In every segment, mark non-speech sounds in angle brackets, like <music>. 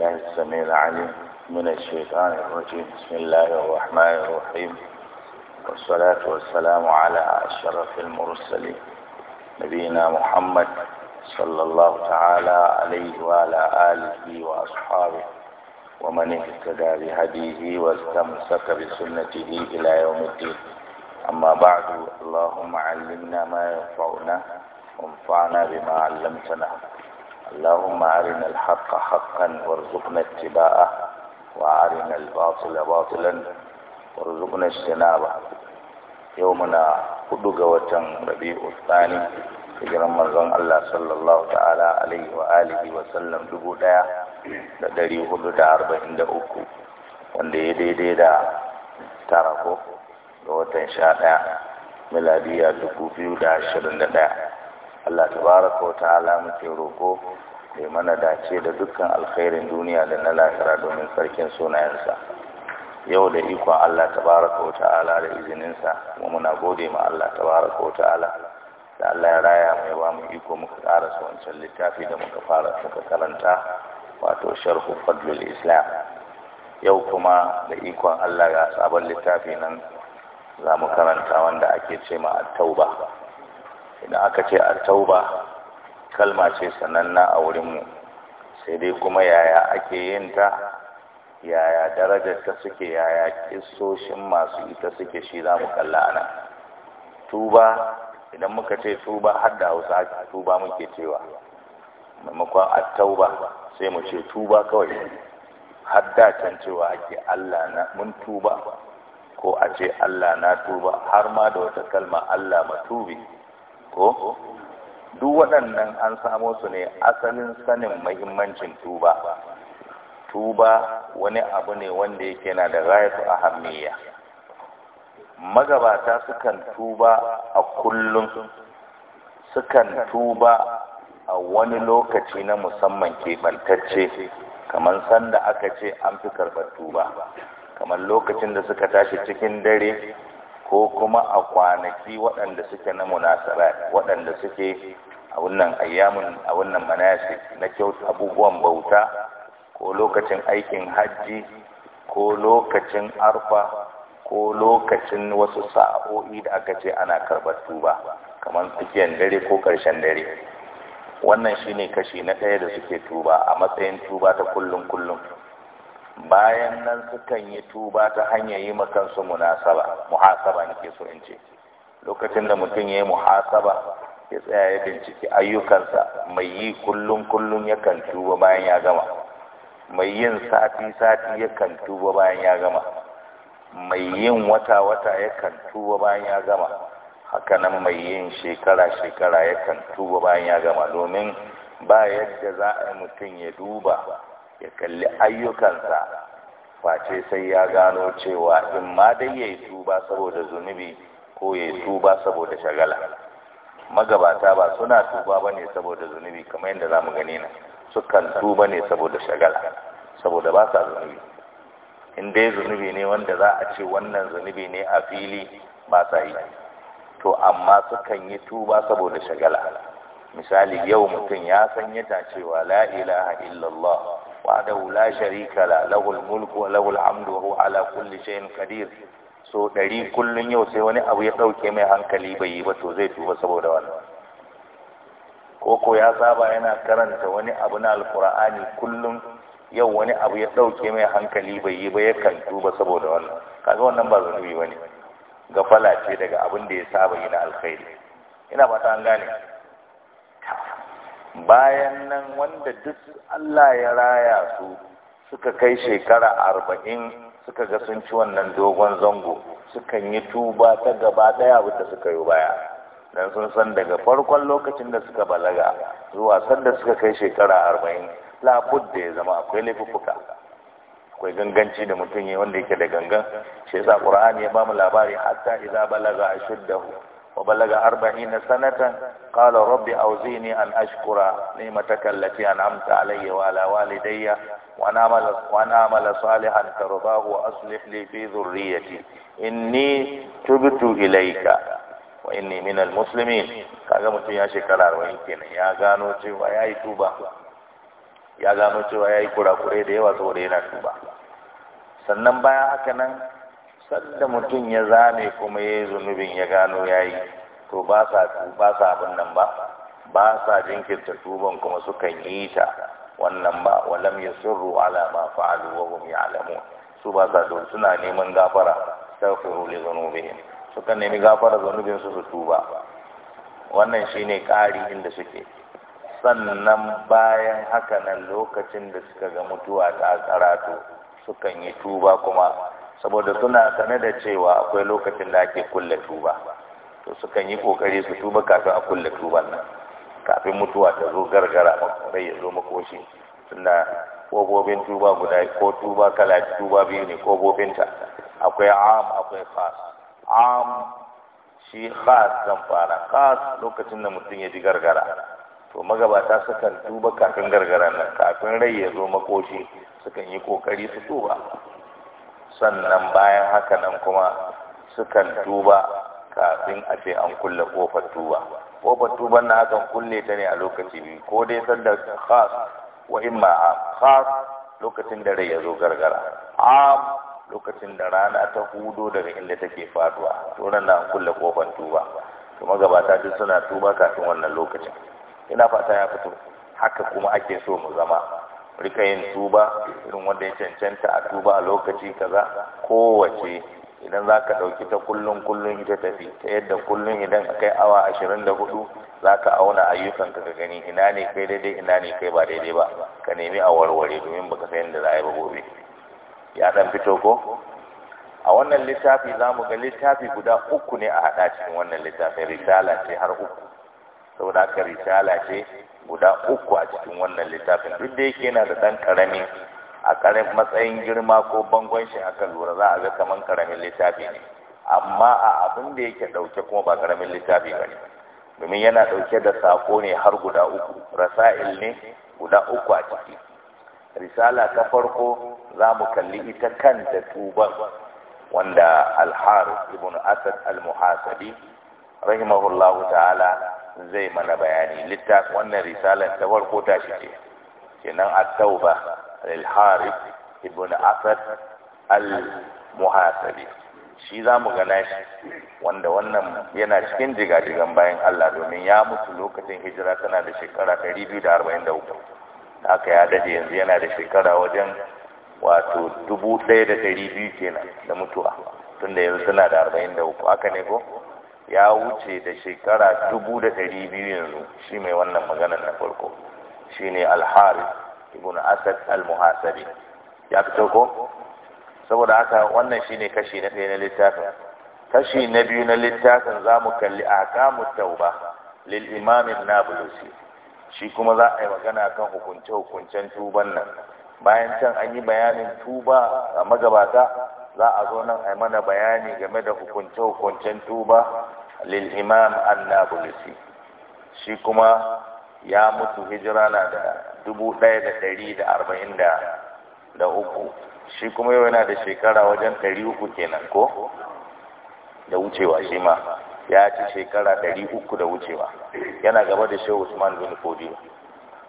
بالله السميع العليم من الشيطان الرجيم بسم الله الرحمن الرحيم والصلاة والسلام على أشرف المرسلين نبينا محمد صلى الله تعالى عليه وعلى آله وأصحابه ومن اهتدى بهديه واستمسك بسنته إلى يوم الدين أما بعد اللهم علمنا ما ينفعنا وانفعنا بما علمتنا اللهم أرنا الحق حقا وارزقنا اتباعه وأرنا الباطل باطلا وارزقنا اجتنابه يومنا قدق وتن ربيع الثاني hijiran manzon Allah sallallahu ta'ala alaihi wa alihi wa sallam dubu daya da dari hudu da arba'in da uku wanda ya daidai da tara ko ga watan sha daya miladiya dubu biyu da ashirin da daya Allah tabaraka wa ta'ala muke roko da mana dace da dukkan alkhairin duniya da na lahira domin sarkin sunayensa yau da ikon Allah tabaraka wa ta'ala da izininsa kuma muna gode ma Allah tabaraka wa ta'ala da Allah ya raya mai ba mu iko muka karasa wancan littafi da muka fara suka karanta wato sharhu fadlul islam yau kuma da ikon Allah ga sabon littafi nan za mu karanta wanda ake ce ma at-tauba idan aka ce a tauba kalma ce sananna a wurinmu sai dai kuma yaya ake yin ta yaya darajar ta suke yaya kisoshin masu ita suke shi za mu kalla ana tuba idan muka ce tuba har da hausa tuba muke cewa maimakon tauba sai mu ce tuba kawai har da can cewa ake allah na mun tuba ko a ce allah na tuba har ma da wata kalma allah matubi ko duk waɗannan an samo su ne asalin sanin mahimmancin tuba tuba wani abu ne wanda yake na da a hamiya magabata sukan tuba a kullum sukan tuba a wani lokaci na musamman kebantacce kamar sanda aka ce an fi karɓar tuba kamar lokacin da suka tashi cikin dare ko kuma a kwanaki waɗanda suke na munasara waɗanda suke a wannan ayyamin a wannan manasi na kyautu abubuwan bauta ko lokacin aikin hajji ko lokacin arfa ko lokacin wasu sa'o'i da aka ce ana karɓar tuba kamar tsakiyar dare ko ƙarshen dare wannan shine kashi na ɗaya da suke tuba a matsayin tuba ta kullum kullum bayan nan sukan yi tuba ta hanyar yi makansu munasaba muhasaba nake so in ce lokacin da mutum ya yi muhasaba ya tsaya ya binciki ayyukansa mai yi kullum kullum kan tuba bayan ya gama mai yin sati sati ya kan tuba bayan ya gama mai yin wata wata ya kan tuba bayan ya gama hakanan mai yin shekara shekara ya kan tuba bayan ya gama domin ba yadda za a mutum ya duba ya kalli ayyukansa face sai ya gano cewa in ma dai ya yi tuba saboda zunubi ko ya yi tuba saboda shagala magabata ba suna tuba ba ne saboda zunubi kamar yadda za mu gani nan sukan tuba ne saboda shagala saboda ba sa zunubi in dai zunubi ne wanda za a ce wannan zunubi ne a fili ba sa yi to amma sukan yi tuba saboda shagala misali yau mutum ya san yata cewa la'ila illallah وحده لا شريك له له الملك وله الحمد وهو على كل شيء قدير so ɗari kullum yau sai wani abu ya ɗauke mai hankali bai yi ba to zai tuba saboda wannan koko ya saba yana karanta wani abu na alqur'ani kullum yau wani abu ya ɗauke mai hankali bai yi ba yakan tuba saboda wannan kaga wannan ba zunubi bane gafala ce daga abin da ya saba yi na alkhairi ina ba ta an gane bayan nan wanda duk Allah ya raya su suka kai shekara arba'in suka ga sun ci wannan dogon zango sukan yi tuba ta gaba daya wadda suka yi baya dan sun san daga farkon lokacin da suka balaga zuwa sanda suka kai shekara arba'in labud da ya zama akwai laifuka. akwai ganganci da mutum ya wanda yake da gangan shi yasa ƙura'ani ya ba bamu labari hatta idza balaga ashuddahu wa balaga arba'in na sanata kala rabbi a wuzi an ashkura ni matakallaci an amta alayya wa ala walidayya wa na an karo ba wa asulif lefe zurri ya ce in ni tubutu ilaika wa in ni minal musulmi ka ga mutum ya shekara wa in ya gano cewa ya yi tuba ya da yawa saboda yana tuba sannan bayan haka nan sanda mutum ya zame kuma ya yi zunubin ya gano ya yi to ba sa abin nan ba ba sa jinkirta tuban kuma sukan yi ta wannan ba walam ya sirru ala ma fa'alu wa hum ya'lamu su ba sa don suna neman gafara taghfiru li zunubihim suka nemi gafara zunubin su su tuba wannan shine ƙari inda suke sannan bayan haka nan lokacin da suka ga mutuwa ta karatu sukan yi tuba kuma saboda suna sane da cewa akwai lokacin da ake kulle tuba to sukan yi kokari su tuba kafin a kulle tuban nan kafin mutuwa ta zo gargara bai ya zo makoshi suna kobobin tuba guda ko tuba kala tuba biyu ne kobobinta akwai am akwai khas am shi khas kan fara khas lokacin da mutum ya ji gargara to magabata sukan tuba kafin gargara nan kafin rai ya zo makoshi sukan yi kokari su tuba sannan bayan haka nan kuma sukan tuba kafin a ce an kulle kofar tuba kofar tuban na hakan kulle ta ne a lokaci biyu ko dai sanda khas wa imma khas lokacin da rai ya zo gargara am lokacin da rana ta hudo daga inda take faduwa to nan na kulle kofar tuba to magabata duk suna tuba kafin wannan lokacin ina fata ya fito haka kuma ake so mu zama rika yin tuba irin wanda ya cancanta a tuba a lokaci kaza kowace idan za ka ɗauki ta kullum kullum ita tafi ta yadda kullum idan ka kai awa ashirin da hudu za ka auna ayyukanka ka gani ina ne kai daidai ina ne kai ba daidai ba ka nemi a warware domin baka san yadda za a yi ba gobe ya ɗan fito ko a wannan littafi za mu ga littafi guda uku ne a haɗa cikin wannan littafin risala ce har uku saboda haka risala ce guda uku a cikin wannan littafin duk da yake yana da ɗan ƙarami a karin matsayin girma ko bangon shi aka lura za a ga kaman ƙaramin littafi ne amma a abin da yake ɗauke kuma ba ƙaramin littafi ba ne domin yana ɗauke da sako ne har guda uku rasa'il ne guda uku a ciki risala ta farko za mu kalli ita kanta tuban wanda alharu ibn asad al-muhasabi rahimahullahu ta'ala zai mana bayani littafin wannan risalan ta farko ta shi ce kenan at-tauba al-harib ibn asad al-muhasibi shi za mu gana shi wanda wannan yana cikin jigajigan bayan Allah domin ya mutu lokacin hijira tana da shekara 243 haka ya dade yanzu yana da shekara wajen wato 1200 kenan da mutuwa tunda yanzu tana da 43 haka ne ko ya wuce da shekara dubu da ɗari biyu yanzu shi mai wannan magana na farko shi ne alhari ibn asad al-muhasabi ya fi tauko saboda haka wannan shi ne kashi na ɗaya na littafin kashi na biyu na littafin za mu kalli a kamun tauba lil imamin nabulusi shi kuma za a yi magana kan hukunce-hukuncen tuban nan bayan can an yi bayanin tuba a magabata za a zo nan a mana bayani game da hukunce-hukuncen tuba lil imam annabulisi shi kuma ya mutu hijira na da dubu ɗaya da ɗari da arba'in da uku shi kuma yau yana da shekara wajen ɗari uku kenan ko da wucewa shi ma ya ci shekara ɗari uku da wucewa yana gaba da shehu usman bin fodiyo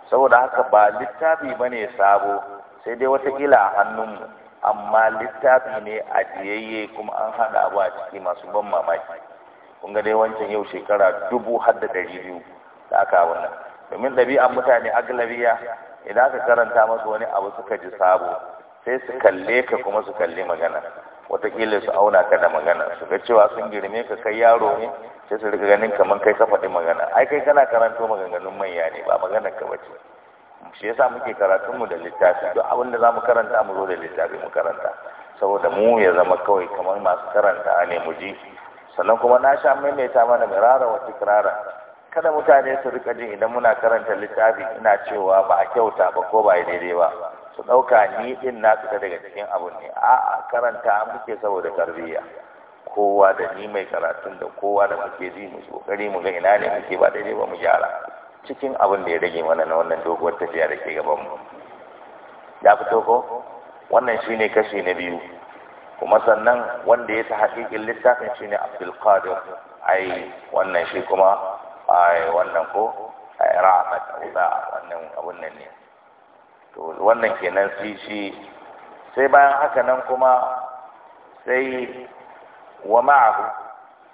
saboda haka ba littafi ba ne sabo sai dai kila a hannunmu amma littafi ne ajiyayye kuma an haɗa abu a ciki masu ban mamaki kun ga dai wancan yau shekara dubu har da ɗari biyu da aka nan. domin ɗabi'an mutane aglabiya idan aka karanta masu wani abu suka ji sabo sai su kalle ka kuma su kalli magana Wataƙila su auna ka da magana su ga cewa sun girme ka kai yaro ne sai su rika ganin kamar kai ka faɗi magana ai kai kana karanto maganganun manya ne ba maganar ka bace shi yasa muke karatun mu da littafi duk abin da za mu karanta mu zo da littafi mu karanta saboda mu ya zama kawai kamar masu karanta ne mu ji sannan kuma na sha maimaita mana mirara wa tikrara kada mutane su rika jin idan muna karanta littafi ina cewa ba a kyauta ba ko ba daidai ba su ɗauka ni ɗin na fita daga cikin abun ne a'a karanta muke saboda tarbiyya kowa da ni mai karatun da kowa da muke ji mu kokari mu ga ina ne muke ba daidai ba mu gyara cikin abin da ya rage mana na wannan doguwar tafiya da ke gaban mu ya fito ko wannan shine kashi na biyu kuma sannan wanda ya ta hakikin littafin shine Abdul Qadir ai wannan shi kuma ai wannan ko ai rahmat uda wannan abun nan ne to wannan kenan shi shi sai bayan haka nan kuma sai wa ma'ahu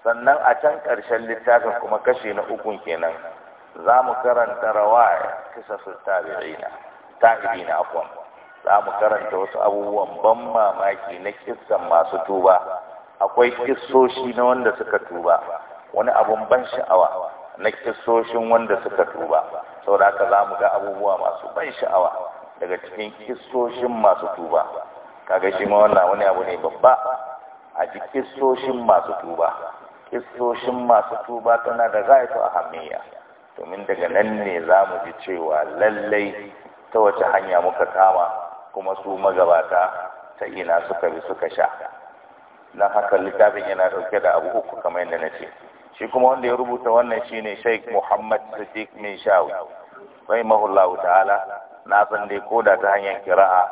sannan a can ƙarshen littafin kuma kashi na ukun kenan za mu karanta rawaya kisa su tabi'ina tabi'ina afwan za mu karanta wasu abubuwan ban mamaki na kissan masu tuba akwai kissoshi na wanda suka tuba wani abun ban sha'awa na kissoshin wanda suka tuba saboda haka za mu ga abubuwa masu ban sha'awa daga cikin kissoshin masu tuba kaga shi ma wannan wani abu ne babba a ji kissoshin masu tuba kissoshin masu tuba tana da gaisu a hamiya domin daga nan ne za mu ji cewa lallai ta wace hanya muka kama kuma su magabata ta ina suka bi suka sha don haka littafin yana dauke da abu uku kamar yadda na ce shi kuma wanda ya rubuta wannan shine sheikh muhammad sadiq min shawi wai mahullahu ta'ala na san dai ko da ta hanyar kira'a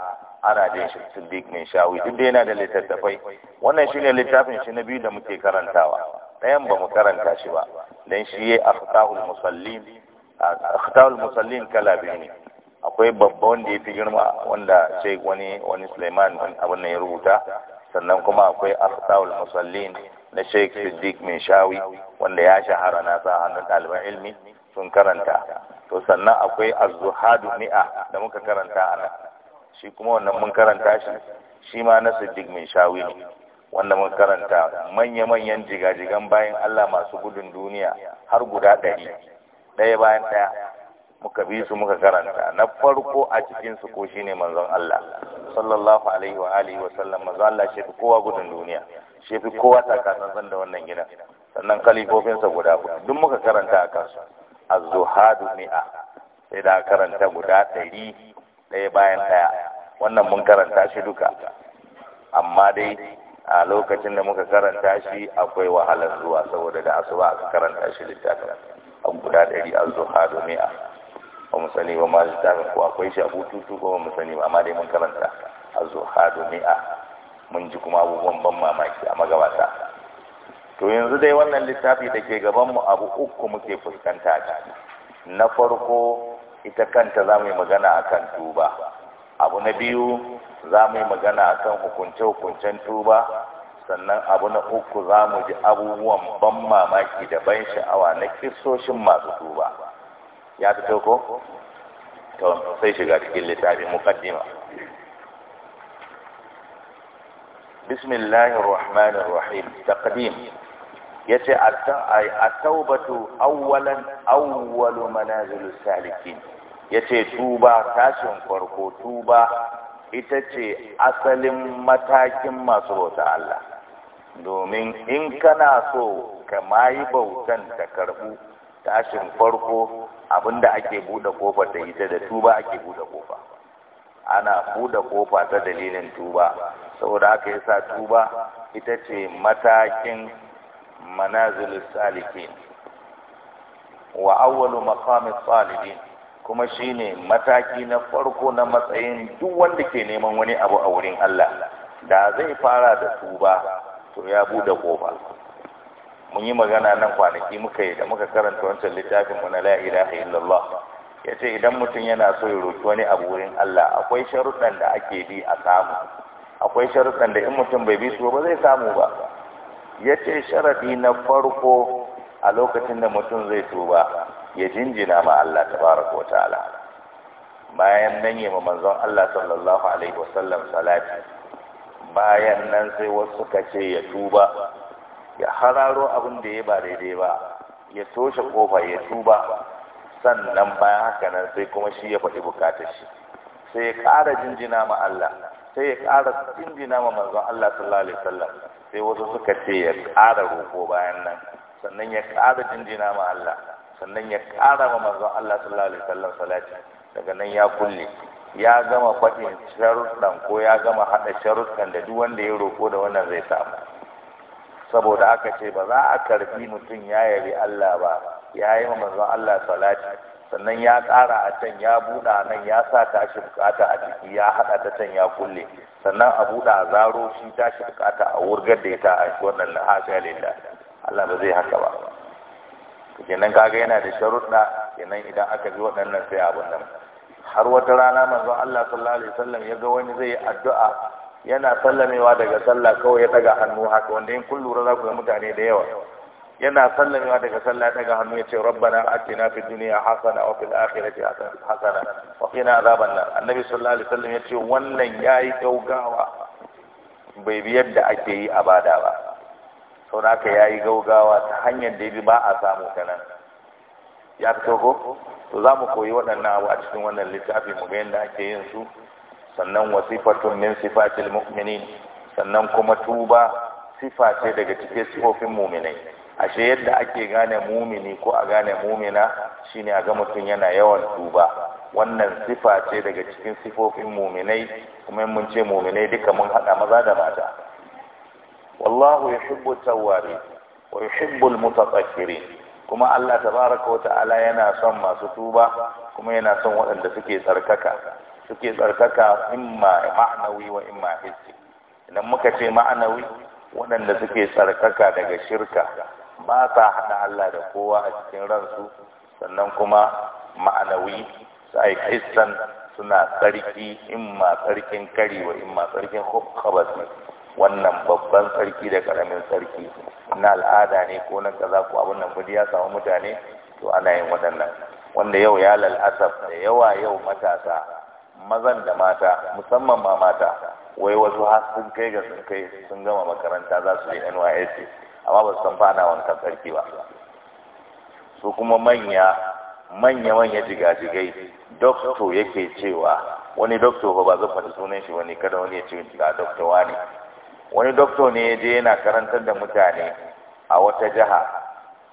ana jin shi siddiq min shawi duk da yana da littattafai wannan shine littafin shi na biyu da muke karantawa ɗayan ba mu karanta shi ba dan shi ya akhtahul musallin akhtahul musallin kala biyu ne akwai babba wanda ya fi girma wanda ce wani wani Suleiman abin nan ya rubuta sannan kuma akwai Akhtaul Musallin na Sheikh Siddiq shawi wanda ya shahara na sa hannun ɗaliban ilmi sun karanta to sannan akwai az Mi'a da muka karanta a nan shi kuma wannan mun karanta shi shi ma na Siddiq shawi ne wanda mun karanta manya-manyan jigajigan bayan Allah masu gudun duniya har guda ɗari ɗaya bayan ɗaya muka bi su muka karanta na farko a cikin su ko shine manzon Allah sallallahu alaihi wa alihi wa sallam manzon Allah shi kowa gudun duniya shi fi kowa san da wannan gidan sannan kalifofin sa guda hudu duk muka karanta a kansu az-zuhadu mi'a sai da karanta guda 100 ɗaya bayan ɗaya wannan mun karanta shi duka amma dai a lokacin da muka karanta shi akwai wahalar zuwa saboda da asuba aka karanta shi littafin guda 100 az-zuhadu mi'a ba mu sani ba ma littafin ko akwai shi a bututu ko ba mu sani ba amma dai mun karanta a zuhadu mi'a mun ji kuma abubuwan ban mamaki a magabata to yanzu dai wannan littafi da ke gaban mu abu uku muke fuskanta a ciki na farko ita kanta za mu yi magana a kan tuba abu na biyu za mu yi magana a kan hukunce-hukuncen tuba sannan abu na uku za mu ji abubuwan ban mamaki da ban sha'awa na kisoshin masu tuba ya fito ko to sai shiga cikin littafin muqaddima bismillahi rahmanir rahim taqdim yace a taubatu awwalan awwalu manazilus salikin yace tuba tashin farko tuba ita ce asalin matakin masu bauta Allah domin in kana so ka mayi bautan ta karbu tashin farko abinda ake buɗe ƙofar da ita da tuba ake buɗe kofa ana buɗe kofa ta dalilin tuba saboda aka haka sa tuba ita ce matakin manazilus salikin wa awwalu maqamis salibin kuma shine mataki na farko na matsayin duk wanda ke neman wani abu a wurin Allah da zai fara da tuba to ya buɗe kofa mun yi magana nan kwanaki muka yi da muka karanta wancan littafin mu na la ilaha illallah ya ce idan mutum yana so ya roki wani abu wurin Allah akwai sharuɗan da ake bi a samu akwai sharuɗan da in mutum bai bi su ba zai samu ba ya ce sharaɗi na farko a lokacin da mutum zai tuba ya jinjina ma Allah tabaraka wataala bayan nan yi ma manzon Allah sallallahu alaihi wasallam salati bayan nan sai wasu ka ce ya tuba ya hararo abin da ya ba daidai ba ya toshe kofa ya tuba sannan bayan haka nan sai kuma shi ya faɗi bukatar shi sai ya ƙara jinjina ma Allah sai ya ƙara jinjina ma manzon Allah sallallahu alaihi wasallam sai wasu suka ce ya ƙara roƙo bayan nan sannan ya ƙara jinjina ma Allah sannan ya ƙara ma manzon Allah sallallahu alaihi wasallam salati daga nan ya kulle ya gama faɗin sharuɗan ko ya gama haɗa sharuɗan da duk wanda ya roƙo da wannan zai samu saboda aka ce ba za a karbi mutum ya yabi Allah ba ya yi wa manzon Allah salati sannan ya ƙara a can ya buɗa nan ya sa tashi bukata a jiki ya haɗa ta can ya kulle sannan a buɗa a zaro shi tashi bukata a wurgar da ita a wannan na lahasha lilla Allah ba zai haka ba kenan kaga yana da sharuɗa kenan idan aka bi waɗannan sai abin nan har wata rana manzon Allah sallallahu alaihi wasallam ya ga wani zai yi addu'a yana sallamewa daga sallah kawai ya daga hannu haka wanda in kun lura za ku ga mutane da yawa yana sallamewa daga sallah daga hannu ya ce rabbana atina fid dunya hasana wa fil akhirati hasana wa qina azaban nar annabi sallallahu alaihi wasallam ya ce wannan yayi gaugawa bai bi yadda ake yi a bada ba sau da aka yayi gaugawa ta hanyar da bi ba a samu ta nan ya fito ko to za mu koyi waɗannan abu a cikin wannan littafi mu ga yadda ake yin su sannan wasifatun min sifatil mu'minin sannan kuma tuba sifa ce daga cikin sifofin muminai ashe yadda ake gane mumini ko a gane mumina shine a ga mutum yana yawan tuba wannan sifa ce daga cikin sifofin muminai kuma mun ce muminai duka mun hada maza da mata wallahu yuhibbu tawwabi wa yuhibbu almutatahhirin kuma Allah tabaraka wa ta'ala yana son masu tuba kuma yana son waɗanda suke tsarkaka suke tsarkaka imma ma'anawi wa imma hissi idan muka ce ma'anawi waɗanda suke tsarkaka daga shirka ba sa hada Allah da kowa a cikin ransu sannan kuma ma'anawi sai hissan suna tsarki imma tsarkin kari wa imma tsarkin khabas wannan babban tsarki da karamin tsarki na al'ada ne ko na kaza ko abin nan ya samu mutane to ana yin waɗannan wanda yau ya lalasaf da yawa yau matasa mazan da mata musamman ma mata wai wasu har kai ga sun kai sun gama makaranta za su yi NYSC amma ba su san fana wankan sarki ba su kuma manya manya manya jigajigai doktor yake cewa wani doktor ba ba zan faɗi sunan shi wani kada wani ya ce ga doktor wani wani doktor ne ya je yana karantar da mutane a wata jiha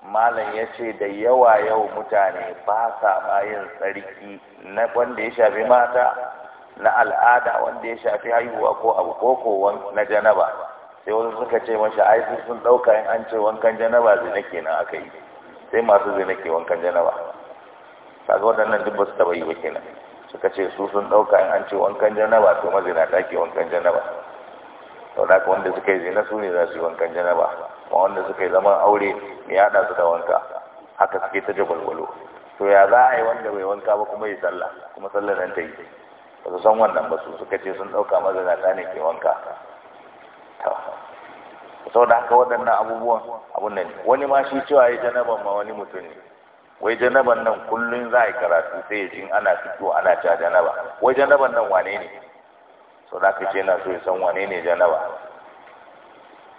malam ya ce da yawa yau mutane ba sa bayan tsarki na wanda ya shafi mata na al'ada wanda ya shafi haihuwa ko abu koko na janaba sai wasu suka ce mashi aiki sun ɗauka in an ce wankan janaba zina kenan aka yi sai masu zina ke wankan janaba kaga waɗannan duk ba su taɓa yi ba kenan suka ce su sun ɗauka in an ce wankan janaba to mazina ta ke wankan janaba to da wanda suka yi zina su ne za su yi wankan janaba ma wanda suka yi zaman aure mai yada su da wanka haka suke ta walo. to ya za a yi wanda bai wanka ba kuma yi sallah kuma sallah nan ta yi ba su san wannan ba su suka ce sun ɗauka mazanata tsanin ke wanka sau da haka waɗannan abubuwan abun nan wani ma shi cewa ya janaban ma wani mutum ne wai janaban nan kullum za a yi karatu sai ya jin ana fito ana cewa janaba wai janaban nan wane ne sau da haka ce na so ya san wane ne janaba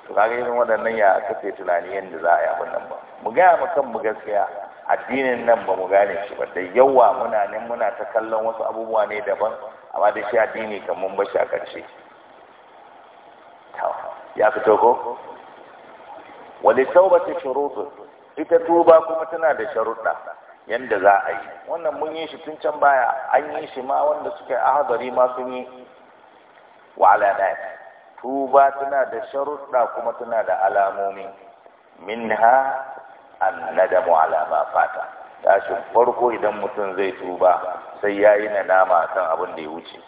to kaga irin waɗannan ya kake tunani yadda za a yi abin nan ba mu gaya mu kan mu gaskiya addinin nan ba mu gane shi ba da yawa muna nan muna ta kallon wasu abubuwa ne daban amma da shi addini kan mun bashi a ƙarshe ya fito ko wani taubata shuruɗu ita tuba kuma tana da sharuɗa yadda za a yi wannan mun yi shi tun can baya an yi shi ma wanda suka yi ahadari ma sun yi wa ala tuba tana da sharuɗa kuma tana da alamomi minha annadamu ala ma fata tashin farko idan mutum zai tuba sai ya yi nadama kan abin da ya wuce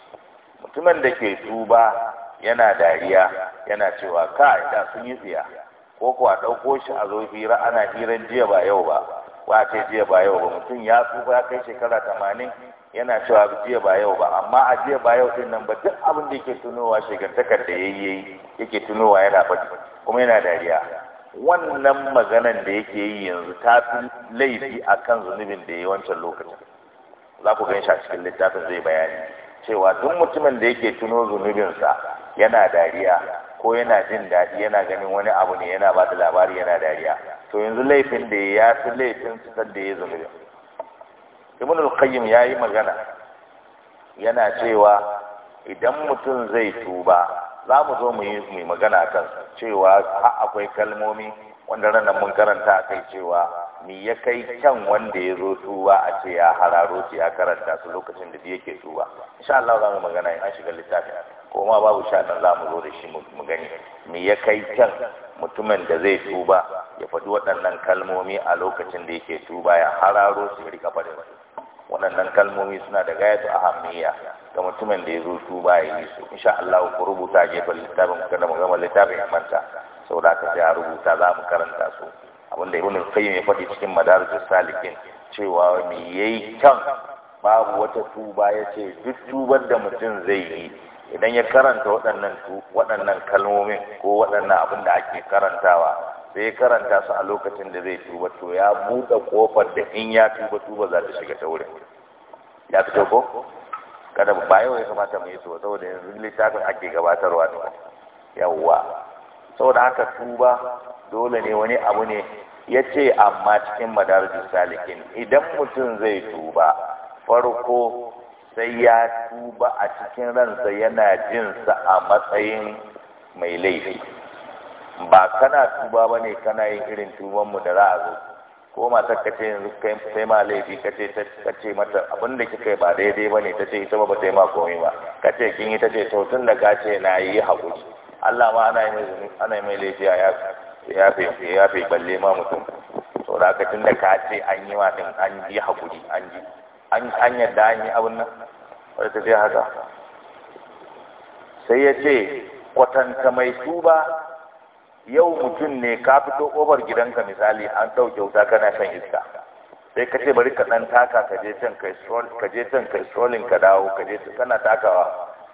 mutumin da ke tuba yana dariya yana cewa ka da sun yi tsiya ko kuwa ɗauko shi a zo hira ana hiran jiya ba yau ba wace jiya ba yau ba mutum ya tuba kai shekara tamanin yana cewa jiya ba yau ba amma a jiya ba yau din nan ba duk abin da yake tunowa shekartakar da yayi yake tunowa yana faɗi kuma yana dariya wannan maganan da yake yi yanzu ta fi laifi a kan zunubin da ya wancan lokacin za ku gan shi a cikin littafin zai bayani cewa duk mutumin da yake tuno zunubinsa yana dariya ko yana jin daɗi yana ganin wani abu ne yana ba da labari yana dariya to yanzu laifin da ya fi laifin da ya zunubin ibn al-qayyim yayi magana yana cewa idan mutum zai tuba za mu zo mu yi magana kan cewa akwai kalmomi wanda ranar mun karanta kai cewa ni ya kai kyan wanda ya zo tuba a ce ya hararo ce ya karanta su lokacin da yake tuba insha Allah za mu magana in an shiga littafin ko ma babu sha za mu zo da shi mu gani ni ya kai kyan mutumin da zai tuba ya faɗi waɗannan kalmomi a lokacin da yake tuba ya hararo su ya rika faɗin waɗannan kalmomi suna da gayatu hamiya ga mutumin da ya zo tuba ya yi su insha Allah ku rubuta gefen littafin ku kada mu gama littafin manta saboda da sai rubuta za mu karanta su Abin abinda ibn qayyim mai faɗi cikin madarijus salikin cewa me yayi kan babu wata tuba yace duk tubar da mutum zai yi idan ya karanta waɗannan waɗannan kalmomin ko waɗannan abin da ake karantawa sai ya karanta su a lokacin da zai tuba to ya buɗe kofar da in ya tuba tuba za ta shiga ta wurin ya fito ko kada ba yau ya kamata mu yi so saboda yanzu littafin ake gabatarwa ne yawwa saboda haka tuba dole ne wani abu ne ya ce amma cikin madarajin salikin idan mutum zai tuba farko sai ya tuba a cikin ransa yana jinsa a matsayin mai laifi ba kana tuba ba ne kana yin irin tuban mu da za a zo ko matar ka ce yanzu kai ma laifi ka ce ka ce mata abin da kika yi ba daidai ba ne ta ce ita ba ta yi ma komai ba ka ce kin yi ta ce to tun da ka ce na yi haƙuri Allah ma ana yi mai zuni ana yi mai laifi a ya fi ya fi balle ma mutum to da ka tun da ka ce an yi ma ɗin an yi haƙuri an yi an yadda an yi abin nan wani ta fi haka sai ya ce kwatanta mai tuba yau mutum ne ka fito ƙofar gidanka misali an ɗauke wuta kana shan iska sai ka ce bari ka ɗan taka ka je can ka strolling ka dawo ka je kana takawa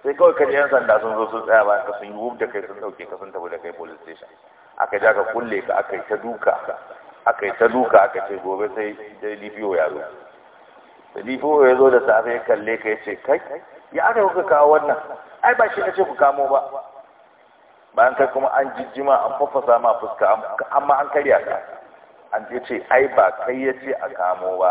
sai kawai ka je yan sanda sun zo sun tsaya ba ka sun yi da kai sun ɗauke ka sun tafi da kai police station aka ja ka kulle ka aka yi ta duka aka yi ta duka aka ce gobe sai dai lifiyo ya zo da DPO ya zo da safe kalle ka ya ce kai ya aka kuka kawo wannan ai ba shi na ce ku kamo ba bayan kai kuma an jijjima an fafasa ma fuska amma an karya ka an je ce ai ba kai ya ce a kamo ba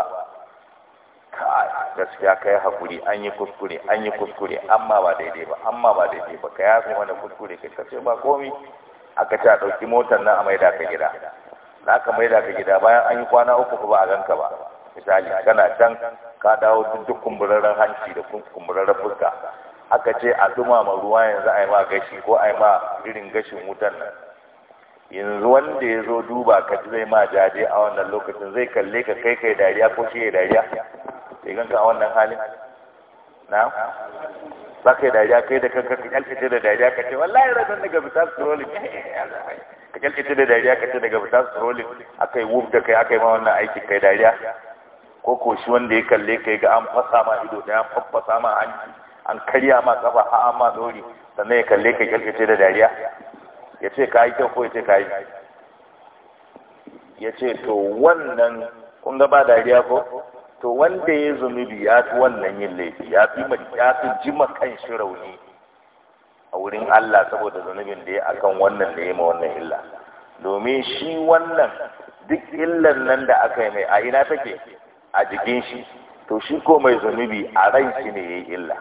kai gaskiya kai hakuri an yi kuskure an yi kuskure amma ba daidai ba amma ba daidai ba ka yaso wani kuskure kai ka ce ba komi aka ce a ɗauki motar nan a maida ka gida da aka maida ka gida bayan an yi kwana uku ba a ganka ba misali kana can ka dawo duk kumburarren hanci da kumburarren fuska aka ce a dumama ruwa yanzu a yi ma gashi ko a yi ma irin gashin wutan nan yanzu wanda ya zo duba ka zai ma jaje a wannan lokacin zai kalle ka kai kai dariya ko shi ya dariya sai ganka a wannan halin na ba kai dariya kai da kanka ka kyalkace da dariya ka ce wallahi ranar daga bisa strolling <laughs> ka kyalkace da dariya ka ce daga bisa strolling aka yi wuf da kai aka yi ma wannan aiki kai dariya ko ko shi wanda ya kalle kai ga an fasa ma ido da an fasa ma hanci an karya ma kafa a amma dori sannan ya kalle ka kyalkace da dariya ya ce ka yi kyau ko ya ce ka yi ya ce to wannan kun ga ba dariya ko to wanda ya zunubi ya fi wannan yin laifi ya fi ya fi jima kan shi rauni a wurin Allah saboda zunubin da ya akan wannan da ya ma wannan illa domin shi wannan duk illan nan da aka yi mai a ina take a jikin shi to shi ko mai zunubi a ran shi ne ya yi illa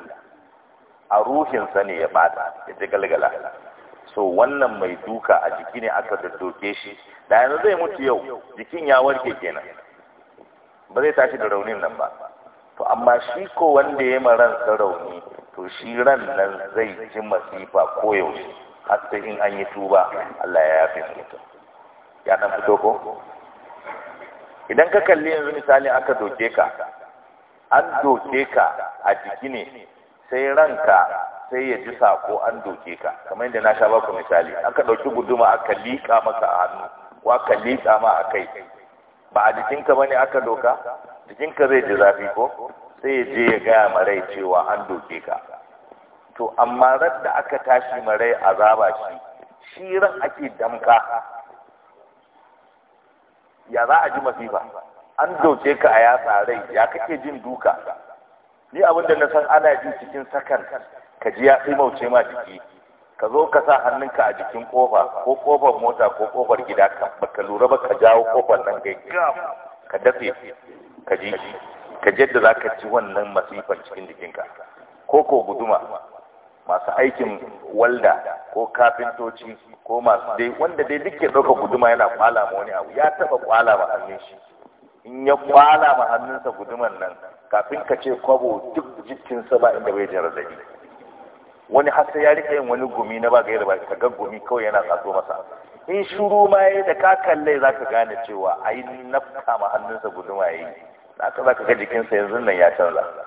a ruhinsa ne ya bata ya ji galgala so wannan mai duka a jiki ne aka daddoke shi da yanzu zai mutu yau jikin ya warke kenan ba zai tashi da raunin nan ba to amma shi ko wanda ya ma ransa rauni to shi ran nan zai ji masifa koyaushe har sai in an yi tuba Allah ya yafe mutum ya dan fito ko idan ka kalli yanzu misali aka doke ka an doke ka a jiki ne sai ranka sai ya ji sako an doke ka kamar yadda na sha baku misali aka ɗauki guduma a kallika maka a hannu ko aka lika ma a kai ba a jikinka bane aka doka jikinka zai ji zafi ko sai ya je ya gaya marai cewa an doke ka to amma ran da aka tashi marai azaba shi shi ran ake damka ya za a ji mafifa? an doke ka a yatsa rai ya kake jin duka ni abin da na san ana ji cikin sakan ka ji ya mauce ma jiki ka zo ka sa hannunka a jikin kofa ko kofar mota ko kofar gida ka baka lura ba ka jawo kofar nan kai ka dafe ka ji ka jadda za ka ci wannan masifan cikin jikinka ko ko guduma masu aikin walda ko kafintoci ko masu dai wanda dai duk ke ɗauka guduma yana kwala ma wani abu ya taɓa kwala ma hannun shi in ya kwala ma hannunsa guduman nan kafin ka ce kwabo duk jikinsa ba inda bai jin radadi wani har ya rika yin wani gumi na ba gaira ba ka ga gumi kawai yana tsaso masa in shuru ma yi da ka kalle ka gane cewa yi nafka ma hannunsa guduma yayi za ka ga jikinsa yanzu nan ya canza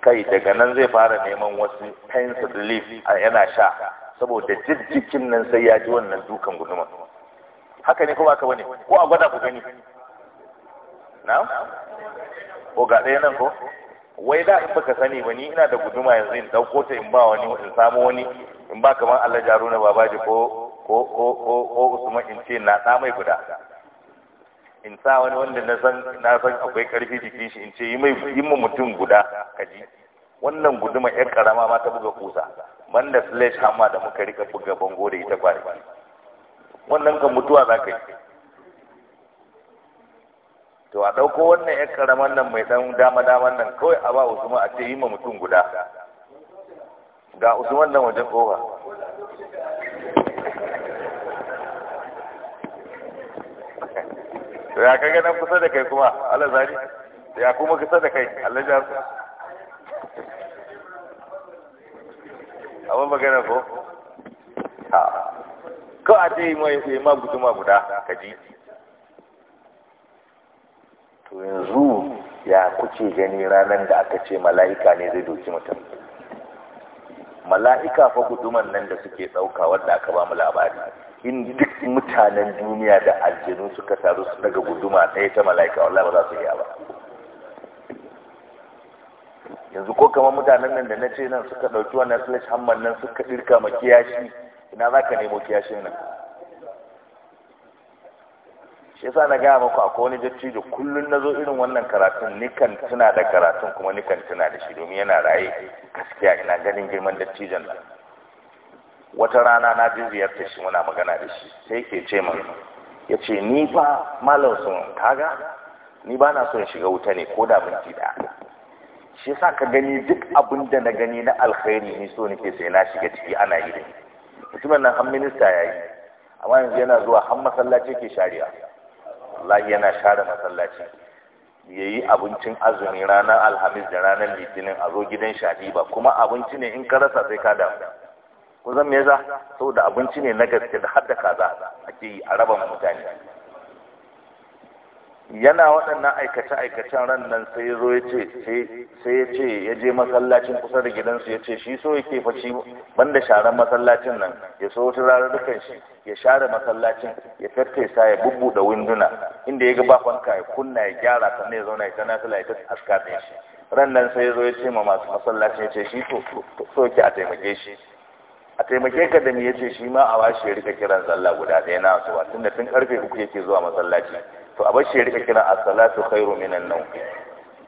kai daga nan zai fara neman wasu pencil relief a yana sha saboda jijjikin nan sai ya ji wannan dukan guduma haka ne kuma ka bane ko a gwada ku gani na ko ga ɗaya nan ko wai da in baka sani ba ni ina da guduma yanzu in dauko ta in ba wani in samu wani in ba kamar Allah na babaji ko ko ko ko Usman in ce na da mai guda in sa wani wanda na san na san akwai karfi jikin shi in ce yi mai yi mu mutum guda kaji wannan guduma yar karama ma ta buga kusa banda slash hammer da muka rika buga bango da ita kwari wannan kan mutuwa za yi to a ɗauko wannan yan karaman nan mai ɗan dama daman nan kawai a ba usman a ce yi ma mutum guda ga usman nan wajen ƙofa to ya kaga nan kusa da kai kuma Allah zari ya kuma kusa da kai Allah ya abin magana ko ha ko a ce yi ma guda ka ji to yanzu ya kuce gani ranar da aka ce mala'ika ne zai doki mutum mala'ika fa guduman nan da suke ɗauka wanda aka ba mu labari in duk mutanen duniya da aljanu suka taru su daga guduma ɗaya ta mala'ika wallah ba za su iya ba yanzu ko kamar mutanen nan da na ce nan suka ɗauki wannan slash hamman nan suka ɗirka makiyashi ina za ka nemo kiyashin nan yasa na gaya maku akwai wani dattijo kullum na zo irin wannan karatun nikan tuna da karatun kuma nikan tuna da shi domin yana raye gaskiya ina ganin girman dattijon nan wata rana na ji ziyartar shi muna magana da shi sai ke ce min ya ce ni fa malam sun kaga ni ba na son shiga wuta ne ko da minti da shi yasa ka gani duk abin da na gani na alkhairi ni so nake sai na shiga ciki ana yi da mutumin nan har minista yayi amma yanzu yana zuwa har masallaci ke shari'a wallahi yana share masallaci yayi abincin azumi ranar alhamis da ranar litinin a zo gidan shahiba kuma abinci ne in ka rasa sai ka damu ku zan me za saboda abinci ne na gaske da har kaza ake yi a raba mutane yana waɗannan aikace-aikacen ran nan sai zo ya ce sai ya ce ya je masallacin kusa da gidansu ya ce shi so ya ke fashi banda sharan masallacin nan ya so wata rana dukan shi ya share masallacin ya tattaisa ya bubbuɗe winduna inda ya ga ba fanka ya kunna ya gyara sannan ya zauna ya tana sala ya ta aska da shi ran nan sai ya zo ya ce ma masu masallacin ya ce shi so ke a taimake shi a taimake ka da ni ya ce shi ma a washe ya rika kiran sallah guda ɗaya na asuba tunda tun karfe uku yake zuwa masallaci to a bashi ya rika kira a salatu khairu minan nau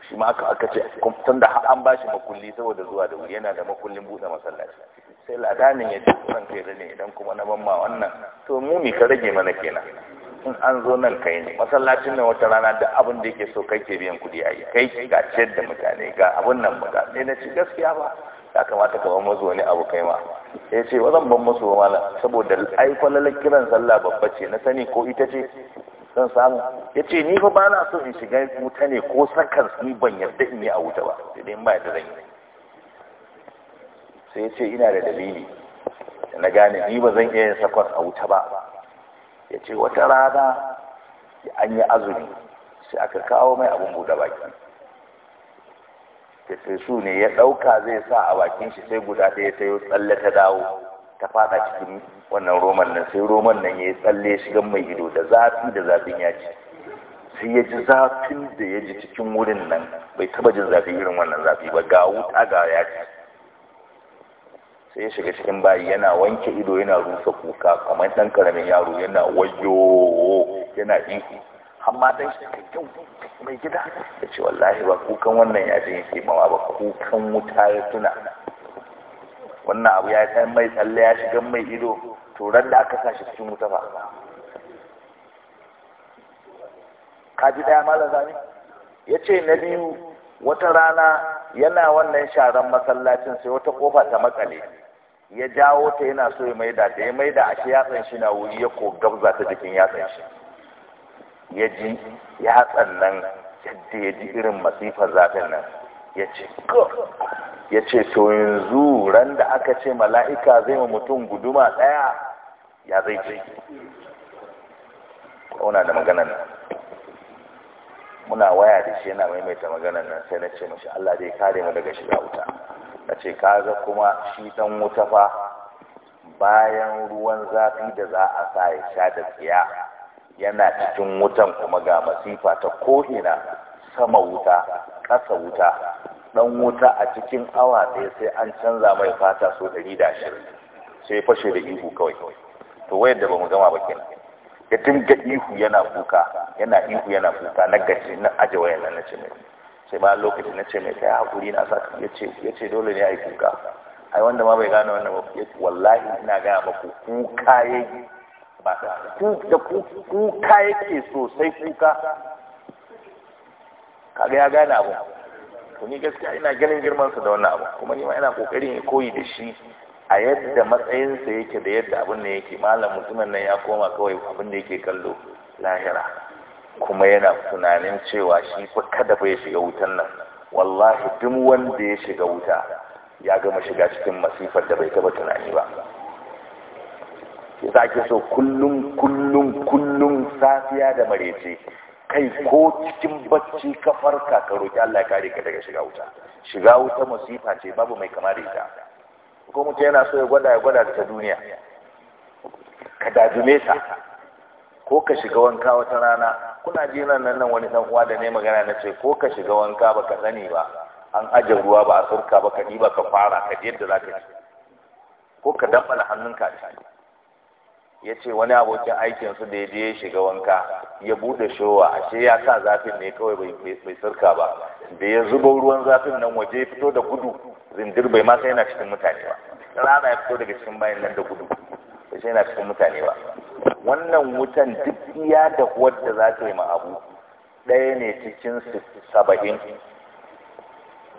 shi ma aka aka ce tun da an bashi makulli saboda zuwa da wuri yana da makullin buɗe masallaci sai ladanin ya ce kusan kai da ne idan kuma na ban ma wannan to mu mi ka rage mana kenan in an zo nan kai ne masallacin nan wata rana da abin da yake so kai ke biyan kuɗi a yi kai ga ciyar da mutane ga abin nan ba ne na ci gaskiya ba ya kamata ka ban masu wani abu kai ma ya ce ba zan ban masu ba saboda ai kwallon kiran sallah babba ce na sani ko ita ce san samu ya ni fa ba na so in shiga wuta ne ko sakar ni ban yarda in yi a wuta ba sai dai ba da zan sai ya ina da dalili na gane ni ba zan iya yin sakon a wuta ba Yace wata rana an yi azumi sai aka kawo mai abin buɗe baki sai su ne ya ɗauka zai sa a bakin shi sai guda ɗaya ta yi tsalle ta dawo ta fada cikin wannan roman nan sai roman nan ya yi tsalle shigan mai ido da zafi da zafin ya ci sai ya ji zafin da ya ji cikin wurin nan bai taba jin zafi irin wannan zafi ba ga wuta ga ya ci sai ya shiga cikin bayi yana wanke ido yana rusa kuka kamar dan karamin yaro yana wayo yana ihu amma dan shi kyau mai gida ya ce wallahi ba kukan wannan ya ji ya ba kukan wuta ya tuna wannan abu ya kai mai tsalle ya shiga mai ido turan da aka sa shi cikin wuta ba kaji daya malam zami ya ce na biyu wata rana yana wannan sharan masallacin sai wata kofa ta matsale ya jawo ta yana so ya maida da ya maida shi yatsan shi na wuri ya ko gabza ta jikin yatsan shi ya ji yatsan nan yadda ya ji irin masifar zafin nan ya ce ya ce to yanzu ran aka ce mala'ika zai ma mutum guduma ɗaya ya zai ce ƙauna da maganan nan muna waya da shi yana maimaita maganan nan sai na ce mashi Allah zai kare mu daga shiga wuta na ce kaga kuma shi ɗan wuta fa bayan ruwan zafi da za a sa ya sha da tsiya yana cikin wutan kuma ga masifa ta ko'ina sama wuta ƙasa wuta dan wuta a cikin awa ɗaya sai an canza mai fata so ɗari da ashirin sai fashe da ihu kawai to wayar da ba mu gama ba kenan ya dinga ihu yana kuka yana ihu yana kuka na gaci na aje wayan nan na ce mai sai ba lokacin na ce mai kai hakuri na saka ya ce dole ne a yi kuka ai wanda ma bai gane wannan wallahi ina gaya maku kuka yayi ba da kuka yake sosai kuka kaga ya gane abu to ni gaskiya ina ganin girman sa da wannan abu kuma ni ma ina kokarin koyi da shi a yadda matsayinsa yake da yadda abin da yake malam mutumin nan ya koma kawai abin da yake kallo lahira kuma yana tunanin cewa shi fa kada bai shiga wutan nan wallahi duk wanda ya shiga wuta ya gama shiga cikin masifar da bai taba tunani ba ya sake so kullum kullum kullum safiya da marece kai ko cikin bacci ka farka ka roki Allah ya kare ka daga shiga wuta shiga wuta masifa ce babu mai kama da ita ko mutum yana so ya gwada ya gwada ta duniya ka dajume sa ko ka shiga wanka wata rana kuna ji nan nan wani dan uwa da ne magana na ce ko ka shiga wanka baka sani ba an aje ruwa ba a surka ba ka ba ka fara ka yadda za ka ci ko ka dambala hannunka a ciki ya ce wani abokin aikinsu da ya je shiga wanka ya bude showa ashe ya sa zafin ne kawai bai sirka ba da ya zuba ruwan zafin nan waje fito da gudu zindir bai ma sai yana cikin mutane ba rana ya fito daga cikin bayan nan da gudu bai sai yana cikin mutane ba wannan wutan duk iya da wadda za ta yi ma abu ɗaya ne cikin saba'in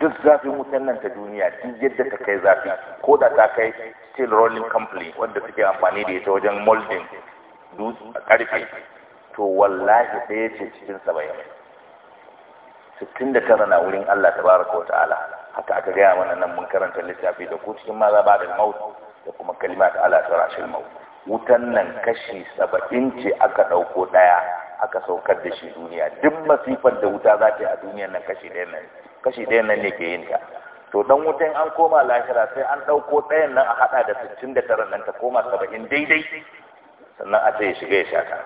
duk zafin wutan nan ta duniya duk yadda ta kai zafi ko da ta kai steel rolling company wanda suke amfani da ita wajen molding karfe to wallahi ɗaya ce cikin saba'in sittin da tara na wurin Allah ta baraka wa ta'ala haka aka gaya mana nan mun karanta littafi da ku cikin maza ba da maut da kuma kalima ta Allah ta rashin maut wutan nan kashi saba'in ce aka ɗauko ɗaya aka saukar da shi duniya duk masifar da wuta za ta yi a duniyan nan kashi ɗaya nan kashi ɗaya nan ne ke yin ta to dan wutan an koma lahira sai an ɗauko ɗayan nan a haɗa da sittin da tara nan ta koma saba'in daidai sannan a ce ya shiga ya shaka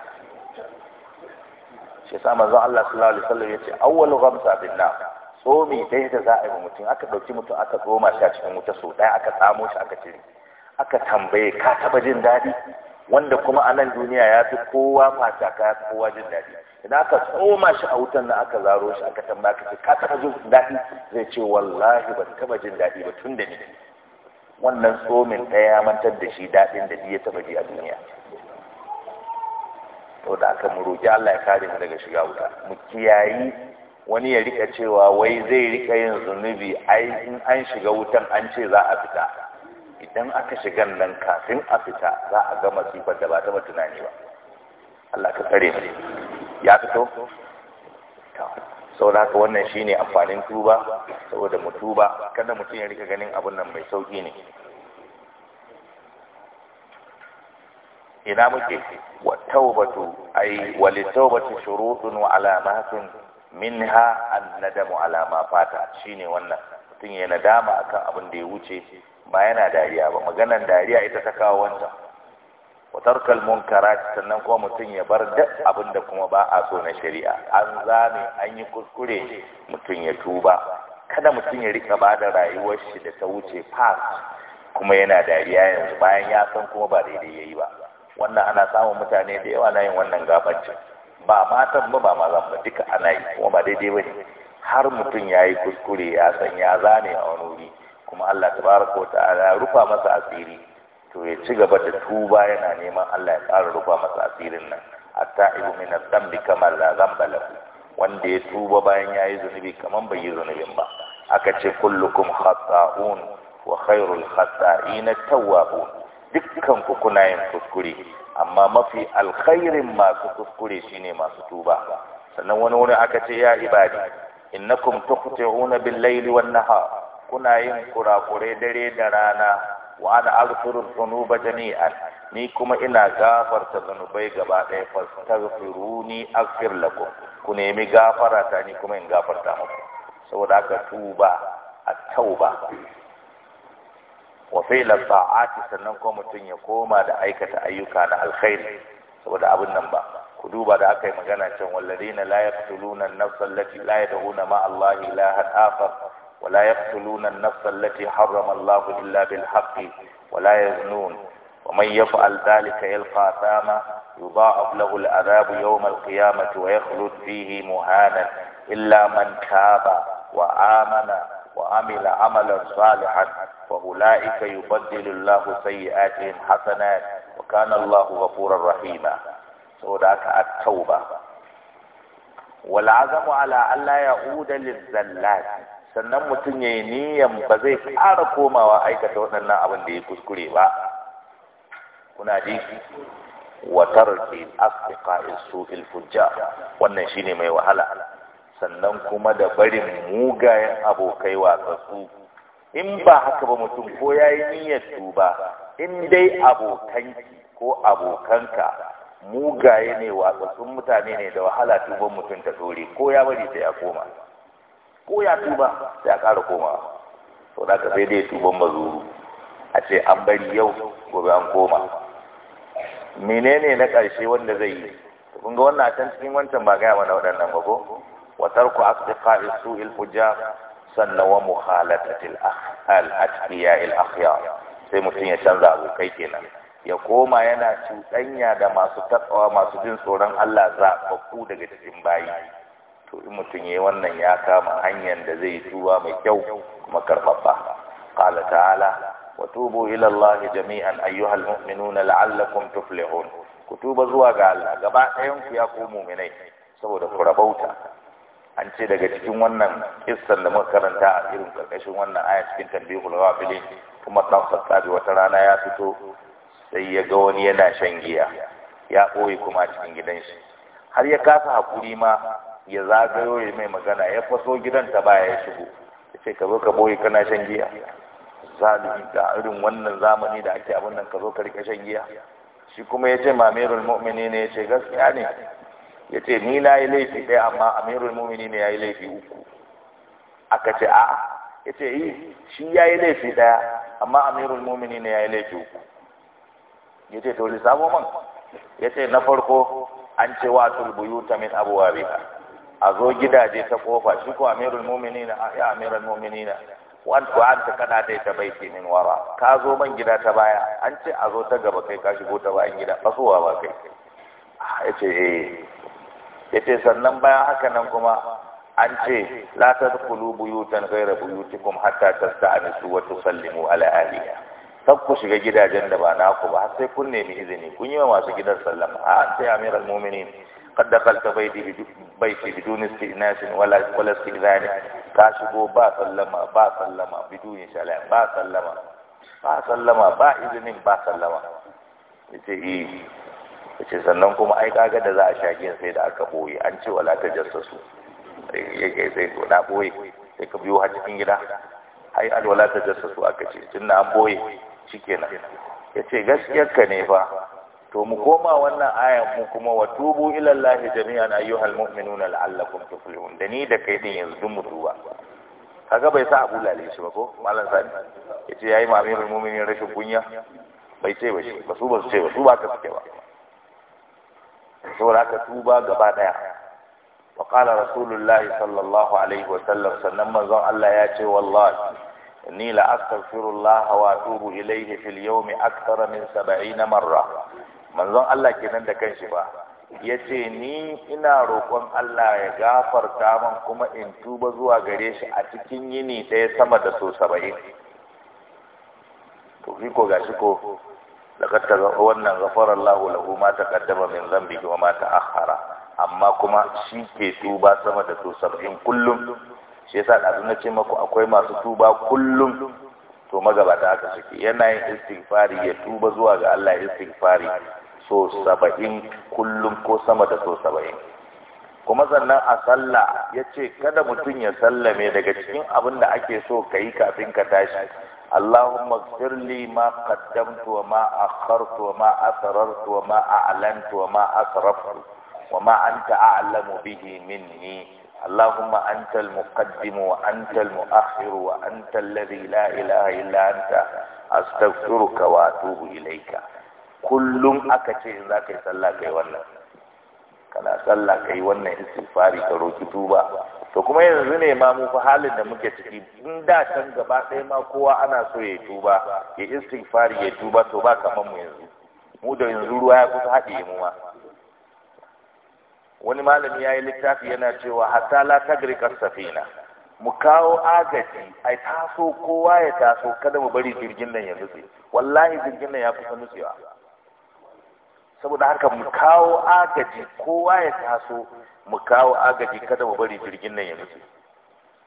shi sa manzon Allah sallallahu alaihi wasallam yace awwalu ghamsa bin nar tsomi dai da za a yi mutum aka ɗauki mutum aka tsoma shi a cikin wuta so ɗaya aka tsamo shi aka cire aka tambaye ka taɓa jin daɗi wanda kuma a nan duniya ya fi kowa fataka ya fi kowa jin daɗi idan aka tsoma shi a wutan na aka zaro shi aka tambaya ka ce ka taɓa jin daɗi zai ce wallahi ta taɓa jin daɗi ba tun da ni wannan tsomin ɗaya ya mantar da shi daɗin da ya taɓa ji a duniya to da aka mu roƙi Allah ya kare mu daga shiga wuta mu kiyayi wani ya rika cewa wai zai rika yin zunubi ai in an shiga wutan an ce za a fita idan aka shiga nan kafin a fita za a gama sifar da ba ta tunani ba Allah ka tsare ne ya fito saboda haka wannan shine amfanin tuba saboda mu tuba kada mutum ya rika ganin abun nan mai sauki ne ina muke wa taubatu ai wal taubatu shurutun wa alamatun minha an nadamu alama fata. fata shine wannan mutum ya nadama akan abin da ya wuce ba yana dariya ba maganar dariya ita ta kawo wancan watarkal munkara sannan kuma mutum ya bar duk abin da kuma ba a so na shari'a an zame an yi kuskure mutum ya tuba kada mutum ya rika ba da rayuwar shi da ta wuce fas kuma yana dariya yanzu bayan ya san kuma ba daidai yayi ba wannan ana samun mutane da yawa na yin wannan gabancin ba matan ba ba ba duka ana yi kuma ba daidai ba ne har mutum ya yi kuskure ya san ya zane a wani wuri kuma Allah tabaraka wa ta'ala rufa masa asiri to ya ci gaba da tuba yana neman Allah ya ƙara rufa masa asirin nan at-ta'ibu min adh-dhanbi kama la dhanba lahu wanda ya tuba bayan yayi zunubi kaman bai yi zunubin ba aka ce kullukum khata'un wa khairul khata'ina tawwabun dukkan ku kuna yin kuskure amma mafi alkhairin masu kuskure shine masu tuba sannan wani wani aka ce ya ibadi innakum tuqti'una bil-laili wan-nahar kuna yin kurakure dare da rana wa ana aghfiru dhunuba jami'an ni kuma ina gafarta zunubai gaba ɗaya fastaghfiruni aghfir lakum ku nemi gafara ta ni kuma in gafarta muku saboda haka tuba at-tauba wa fi sa'ati sannan ko mutun ya koma da aikata ayyuka na alkhairi saboda abin nan ba ku duba da aka yi magana can walladina la yaqtuluna an-nafsa allati la yad'una ma'a allahi ilahan akhar ولا يقتلون النفس التي حرم الله إلا بالحق ولا يزنون ومن يفعل ذلك يلقى أثاما يضاعف له العذاب يوم القيامة ويخلد فيه مهانا إلا من تاب وآمن وعمل عملا صالحا فأولئك يبدل الله سيئاتهم حسنات وكان الله غفورا رحيما سوداك التوبة والعزم على ألا يعود للزلات sannan mutum ya yi niyan ba zai ƙara komawa aikata waɗannan abin da ya kuskure ba kuna ji watar ke asfiqa isu ilfujja wannan shine mai wahala sannan kuma da barin mugayen abokai watsatsu in ba haka ba mutum ko ya yi niyyar tuba in dai abokanki ko abokanka mugaye ne watsatsun mutane ne da wahala tuban mutum ta dore ko ya bari sai ya koma ko ya tuba sai a ƙara komawa sau da ka sai dai tuban mazuru a ce an bari yau gobe an koma menene na ƙarshe wanda zai yi kun ga wannan can cikin wancan ba ga mana waɗannan ba ko wa tarku asdiqa'i su'il hujja sannan wa mukhalatatil ah, al atqiya al akhyar sai mutum ya canza abokai kenan ya koma yana cuɗanya da masu takawa masu jin tsoron Allah zaɓaɓɓu daga cikin bayi to in mutum yi wannan ya kama hanyar da zai tuba mai kyau kuma karbabba qala ta'ala wa tubu ila Allah jami'an ayyuhal mu'minuna la'allakum tuflihun ku tuba zuwa ga Allah gaba ɗayan ku ya ku mu'minai saboda ku rabauta an ce daga cikin wannan kissan da muka karanta a irin karkashin wannan aya cikin tanbihul ghafilin kuma dan fasabi wata rana ya fito sai ya ga wani yana shan giya ya ɓoye kuma cikin gidan shi har ya kasa hakuri ma ya zagayo ya mai magana ya faso gidan ta baya ya shigo ya ce ka zo ka boye kana shan giya zalimi ga irin wannan zamani da ake abin nan ka zo ka rika shan giya shi kuma ya ce ma amirul mu'mini ne ya ce gaskiya ne ya ce ni na yi laifi ɗaya amma amirul mu'mini ne ya yi laifi uku aka ce a ya ce yi eh, shi ya yi laifi ɗaya amma amirul mu'mini ne ya yi laifi uku ya ce to lissafo man ya ce na farko an ce sulbuyu ta min abuwa biha a zo gidaje ta kofa shi ko amirul mu'minin ya amirul mu'minin wan ku anta kana dai ta baiti min wara ka zo man gida ta baya an ce a zo ta gaba kai ka shigo ta bayan gida fasuwa ba kai yace eh yace sannan bayan haka nan kuma an ce la tadkhulu buyutan ghayra buyutikum hatta tasta'nisu wa tusallimu ala ahliha kar ku shiga gidajen da ba naku ba sai kun nemi izini kun yi wa masu gidan sallama a sai amirul mu'minin قد دخلت بيتي بيتي بدون استئناس ولا ولا استئذان كاشبو با سلم با سلم بدون سلام با سلم ba sallama ba izinin ba sallama يتي yace sannan kuma ai kaga da za a shage sai da aka boye an ce wala ta jassasu yake sai to na boye sai ka biyo har cikin gida ai wala ta jassasu aka ce tunda an boye shikenan yace gaskiyar ka ne fa to mu koma wannan ayan mu kuma wa tubu ila Allah jami'an ayyuhal mu'minuna la'allakum tuflihun da ni da kai din yanzu mu tuba kaga bai sa Abu Lale shi ba ko mallan sani yace yayi ma amirul mu'minin rashin kunya bai ce ba shi ba su ba su ce ba su ba ka suke ba saboda haka tuba gaba daya وقال رسول الله صلى الله عليه وسلم سنما زن الله ياتي والله إني لأستغفر الله وأتوب إليه في اليوم أكثر من سبعين مرة manzon Allah kenan da kanshi ba ya ce ni ina roƙon Allah ya gafarta man kuma in tuba zuwa gare shi a cikin yini ɗaya sama da so saba'in to fi ko gashi ko laqad wannan ghafara Allahu lahu ma taqaddama min dhanbihi wa ma ta'akhkhara amma kuma shi ke tuba sama da so saba'in kullum shi yasa da na ce maku akwai masu tuba kullum to magabata aka suke yana yin istighfari ya tuba zuwa ga Allah istighfari so saba'in kullum ko sama da so saba'in kuma sannan a sallah ya ce kada mutum ya sallame daga cikin abin da ake so ka yi kafin ka tashi Allahumma firli ma qaddamtu wa ma akhartu wa ma asrartu wa ma a'lantu wa ma asraftu wa ma anta a'lamu bihi minni Allahumma anta al-muqaddim wa anta al-mu'akhir wa anta alladhi la ilaha illa anta astaghfiruka wa atubu ilayka kullum aka ce in za ka yi sallah kai wannan kana sallah kai wannan istighfari ka roki tuba to kuma yanzu ne ma mu fa halin da muke ciki in da can gaba ɗaya ma kowa ana so ya tuba ya istighfari ya tuba to ba kaman mu yanzu mu da yanzu ruwa ya kusa haɗe mu ma wani malami ya yi littafi yana cewa hatta la tagrikar safina mu kawo agaji a taso kowa ya taso kada mu bari jirgin nan ya nutse wallahi jirgin nan ya kusa nutsewa saboda haka mu kawo agaji kowa ya taso mu kawo agaji kada mu bari jirgin nan ya nutse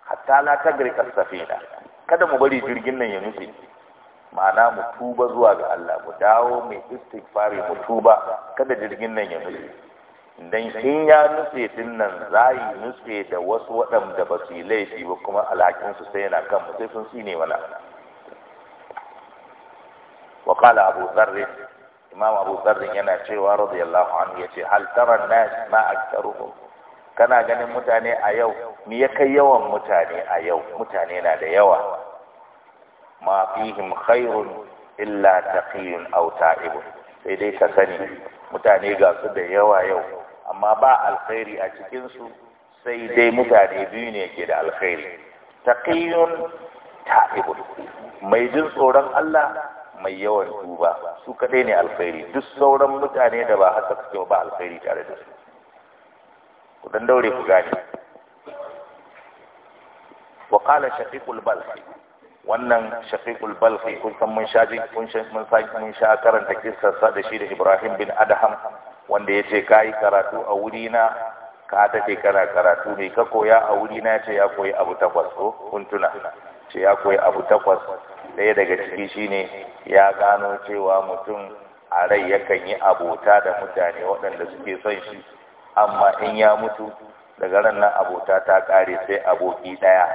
hatta la tagri kasafina kada mu bari jirgin nan ya nutse ma'ana mu tuba zuwa ga Allah mu dawo mai istighfari mu tuba kada jirgin nan ya nutse dan in ya nutse din nan zai nutse da wasu waɗanda ba su yi laifi ba kuma alhakinsu su sai yana kan mu sai sun sine wala وقال abu imam abu zarrin yana cewa radiyallahu anhu yace hal tara nas ma aktharuhum kana ganin mutane a yau me ya kai yawan mutane a yau mutane na da yawa ma fihim khairun illa taqiyun aw ta'ibun sai dai ka sani mutane ga su da yawa yau amma ba alkhairi a cikin su sai dai mutane biyu ne ke da alkhairi taqiyun ta'ibun mai jin tsoron Allah mai yawan duba su kadai ne alkhairi duk sauran mutane da ba haka suke ba alkhairi tare da su ku dan daure ku gane wa qala shaqiqul balhi wannan shaqiqul balhi kun san mun shaji kun san mun sa mun sha karanta kissar sa da shi da Ibrahim bin Adham wanda yace kai karatu a wuri na ka ta ce kana karatu ne ka koya a wuri na ce ya koyi abu takwas ko kun tuna ce ya koyi abu takwas ɗaya daga ciki shine ya gano cewa mutum a rai yakan yi abota da mutane waɗanda suke son shi amma in ya mutu daga ran nan abota ta ƙare sai aboki ɗaya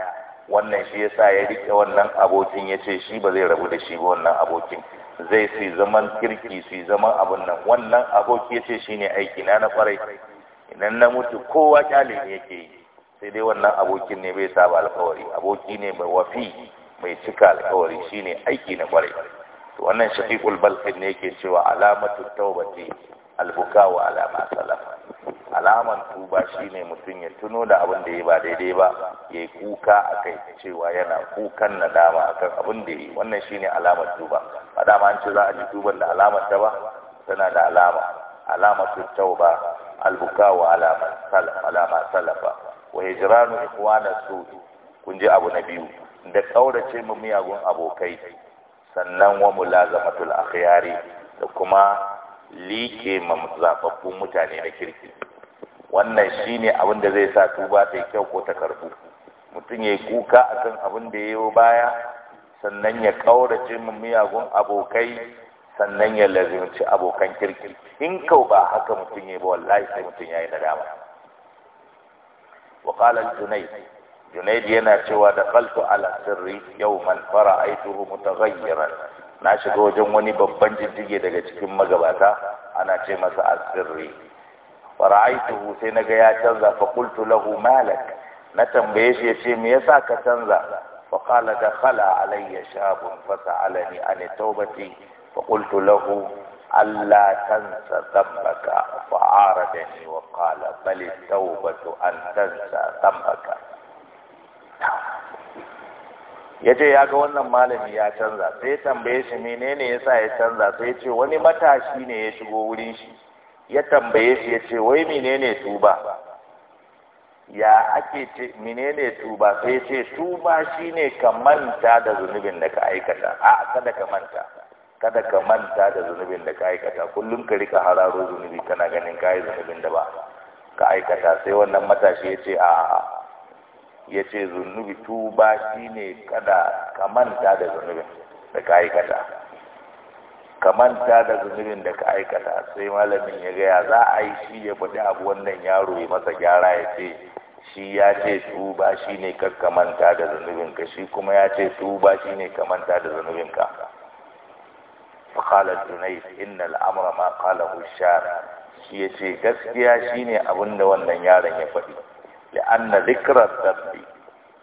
wannan shi yasa ya riƙe wannan abokin ya ce shi ba zai rabu da shi ba wannan abokin zai su zaman kirki su zaman abin nan wannan aboki ya ce shi ne aiki na na kwarai idan na mutu kowa kyale ne yake yi sai dai wannan abokin ne bai saba alkawari aboki ne ba wafi mai cika alkawari shine aiki na kwarai to wannan shafiqul balqin ne yake cewa alamatu tawbati albuka wa alama salaf alaman tuba shine mutum ya tuno da abin da ya ba daidai ba ya kuka akai cewa yana kukan nadama akan abin da yi wannan shine alamar tuba ba dama an ce za a ji tuban da alamar ta ba tana da alama alamatu tauba albuka wa alama salaf alama salafa wa hijranu ikhwana su kun ji abu na biyu da kaurace mu miyagun abokai sannan wa mulazamatul akhyari da kuma like ma zababbun mutane na kirki wannan shine abin da zai sa tuba ta kyau ko ta karbu mutum yayi kuka akan abin da yayi baya sannan ya kaurace mu miyagun abokai sannan ya lazimci abokan kirki in kau ba haka mutum yayi ba wallahi sai mutum yayi nadama وقال الجنيد junaid yana cewa da kaltu ala sirri yawman fara'aituhu mutaghayyiran na shiga wajen wani babban jijjige daga cikin magabata ana ce masa asirri fara'aituhu sai naga ya canza fa qultu lahu malak na tambaye shi ya ce me yasa ka canza fa da kala, alayya shabun fa sa'alani an tawbati fa qultu lahu alla tansa dhanbaka fa aradani wa qala bal tawbatu an tansa dhanbaka ya ce ya ga wannan malami ya canza sai tambaye shi ne ya sa ya canza sai ya ce wani matashi ne ya shigo wurin shi ya tambaye shi ya ce wai mene ne tuba ya ake ce mene ne tuba sai ya ce tuba ne ka manta da zunubin da ka aikata a kada ka manta kada ka manta da zunubin da ka aikata kullum ka rika hararo zunubi kana ganin ka yi zunubin da ba ka aikata sai wannan matashi ya ce a'a. ya ce zunubi tuba shi ne kada ka da zunubin da ka aikata kamanta da zunubin da ka aikata sai malamin ya gaya za a yi shi ya faɗi abu wannan yaro ya masa gyara ya ce shi ya ce tuba shi ne kamanta da zunubin ka shi kuma ya ce tuba shi ne ka da zunubin ka fakalar junai inna al'amura ma kala hushara shi ya ce gaskiya shi ne abinda wannan yaron ya faɗi لأن ذكر الذنب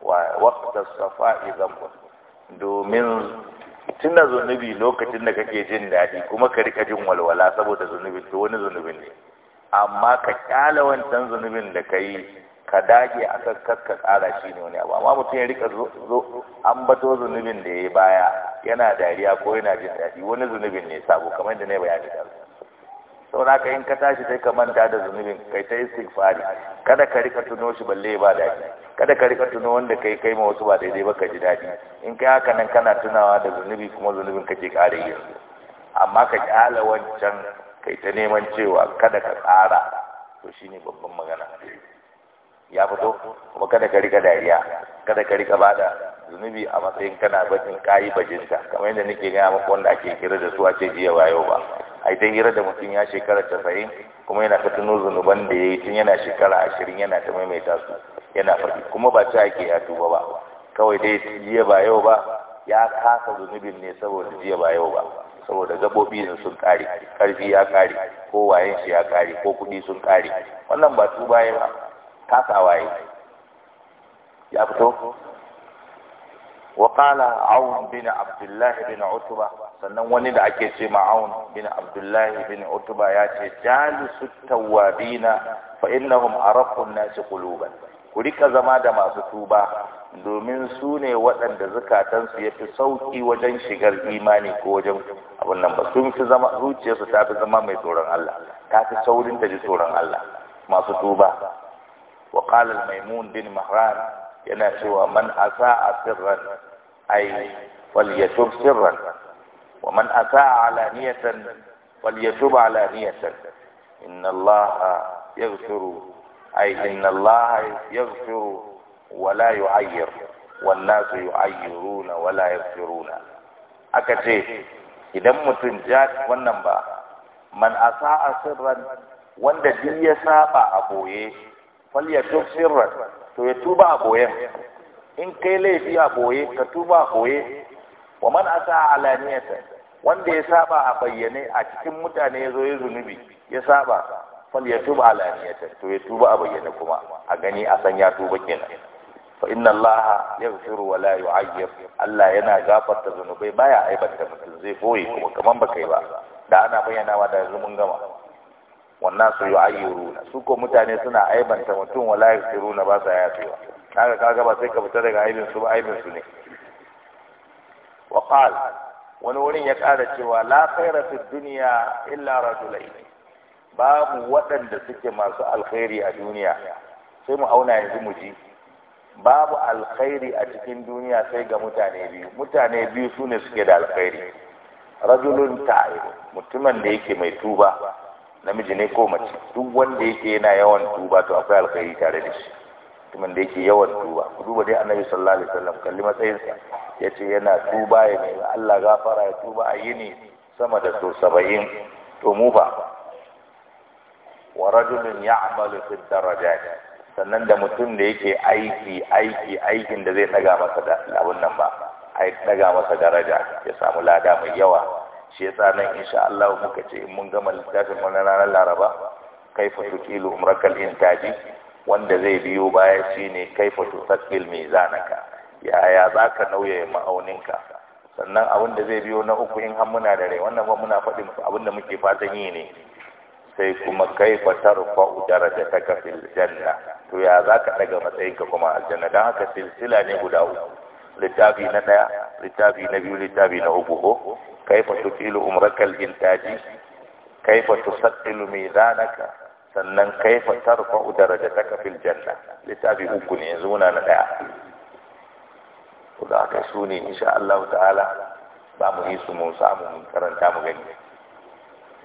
ووقت الصفاء ذنب domin tuna zunubi lokacin da kake jin daɗi kuma ka rika jin walwala saboda zunubin to wani zunubin ne amma ka kyala wancan zunubin da ka yi ka dage a kan kakka tsara shi ne wani abu amma mutum ya rika zo zunubin da ya yi baya yana dariya ko yana jin daɗi wani zunubin ne sabo kamar da na bayani da sauna ka in ka tashi sai ka manta da zunubin kai ta istighfari kada ka rika tuno shi balle ba daɗi kada ka rika tuno wanda kai kai ma wasu ba daidai ba ka ji daɗi in kai haka nan kana tunawa da zunubi kuma zunubin kake ƙara yanzu amma ka kyala wancan kai ta neman cewa kada ka ƙara to shine babban magana ya fito kuma kada ka rika dariya kada ka rika bada zunubi a matsayin kana bakin kayi bajinta kamar yadda nake gaya maka wanda ake kira da su a ce jiya ba ba ai dai hira da mutum ya shekara casa'in kuma yana ta tuno zunuban da ya yi tun yana shekara ashirin yana ta maimaita su yana faɗi kuma ba ta ake ya tuba ba kawai dai jiya ba yau ba ya kasa zunubin ne saboda jiya ba yau ba saboda gabobi sun kare karfi ya kare ko wayen shi ya kare ko kuɗi sun kare wannan ba tuba ya ba kasawa yi ya fito وقال عون بن bin الله bin Utuba sannan wani da ake ce ma'aun bin abdullahi bin utuba ya ce jalisu tawabina fa innahum araqun nasi quluban ku rika zama da masu tuba domin su ne waɗanda zukatan su yafi sauki wajen shigar imani ko wajen abin nan ba sun fi zama zuciyarsu ta fi zama mai tsoron Allah ta fi saurin ta ji tsoron Allah masu tuba وقال الميمون بن مهران ينا سوى من أساء سرا أي فليتوب سرا ومن أساء على نية فليتوب على نية إن الله يغفر أي إن الله يغفر ولا يعير والناس يعيرون ولا يغفرون أكتي إذا متنجات والنمبا من أساء سرا وندى يسابع أبويه falyatub sirran to ya tuba a boye in kai laifi a boye ka tuba a boye wa man asa alaniyata wanda ya saba a bayyane a cikin mutane ya zo ya zunubi ya saba falyatub alaniyata to ya tuba a bayyane kuma a gani a san ya tuba kenan fa inna Allah yaghfiru wa la yu'ayyib Allah yana gafarta zunubai baya aibata mutum zai boye kuma kaman ba kai ba da ana bayyanawa da yanzu mun gama wannan su yu'ayyiru su ko mutane suna aibanta mutum wala na ba sa yafewa kaga kaga ba sai ka fita daga aibin su ba aibin su ne wa wani wurin ya kara cewa la khaira fi dunya illa rajulain babu waɗanda suke masu alkhairi a duniya sai mu auna yanzu mu ji babu alkhairi a cikin duniya sai ga mutane biyu mutane biyu sune suke da alkhairi rajulun ta'ir mutumin da yake mai tuba namiji ne ko mace duk wanda yake yana yawan tuba to akwai alkhairi tare da shi kuma da yake yawan tuba ku duba dai annabi sallallahu alaihi wasallam kalli matsayinsa yace yana tuba ya nemi Allah gafara ya tuba a yini sama da so 70 to mu wa rajulun ya'malu fi darajat sannan da mutum da yake aiki aiki aikin da zai daga masa da abun nan ba ai daga masa daraja ya samu lada mai yawa shi yasa nan insha Allah muka ce mun gama littafin wannan ranar Laraba kaifa tuqilu umrakal intaji wanda zai biyo baya shine kaifa tuqil mizanaka yaya zaka nauye ma'auninka sannan abin da zai biyo na uku in har muna da rai wannan ba muna faɗi musu abin da muke fatan yi ne sai kuma kaifa tarfa'u darajataka fil janna to ya zaka daga matsayinka kuma aljanna dan haka silsila ne guda uku littafi na ɗaya littafi na biyu littafi na uku ko kaifa tutilu umrakal intaji kaifa tusaddilu mizanaka sannan kaifa tarfa'u darajataka fil janna littafi uku ne yanzu muna na ɗaya to da aka su ne insha Allah ta'ala ba mu yi su mu samu mu karanta mu gani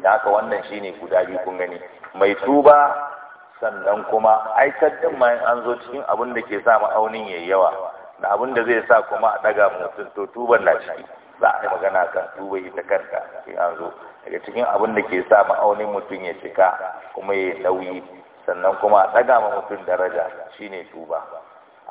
da haka wannan shine guda biyu kun gani mai tuba sannan kuma aikar din ma an zo cikin abin da ke sa ma'aunin yayi yawa da abin da zai sa kuma a daga mutum to tuban na ciki za a yi magana kan tuba ita kanta sai an zo daga cikin abin da ke sa ma'aunin mutum ya cika kuma ya nauyi sannan kuma a daga ma mutum daraja shi ne tuba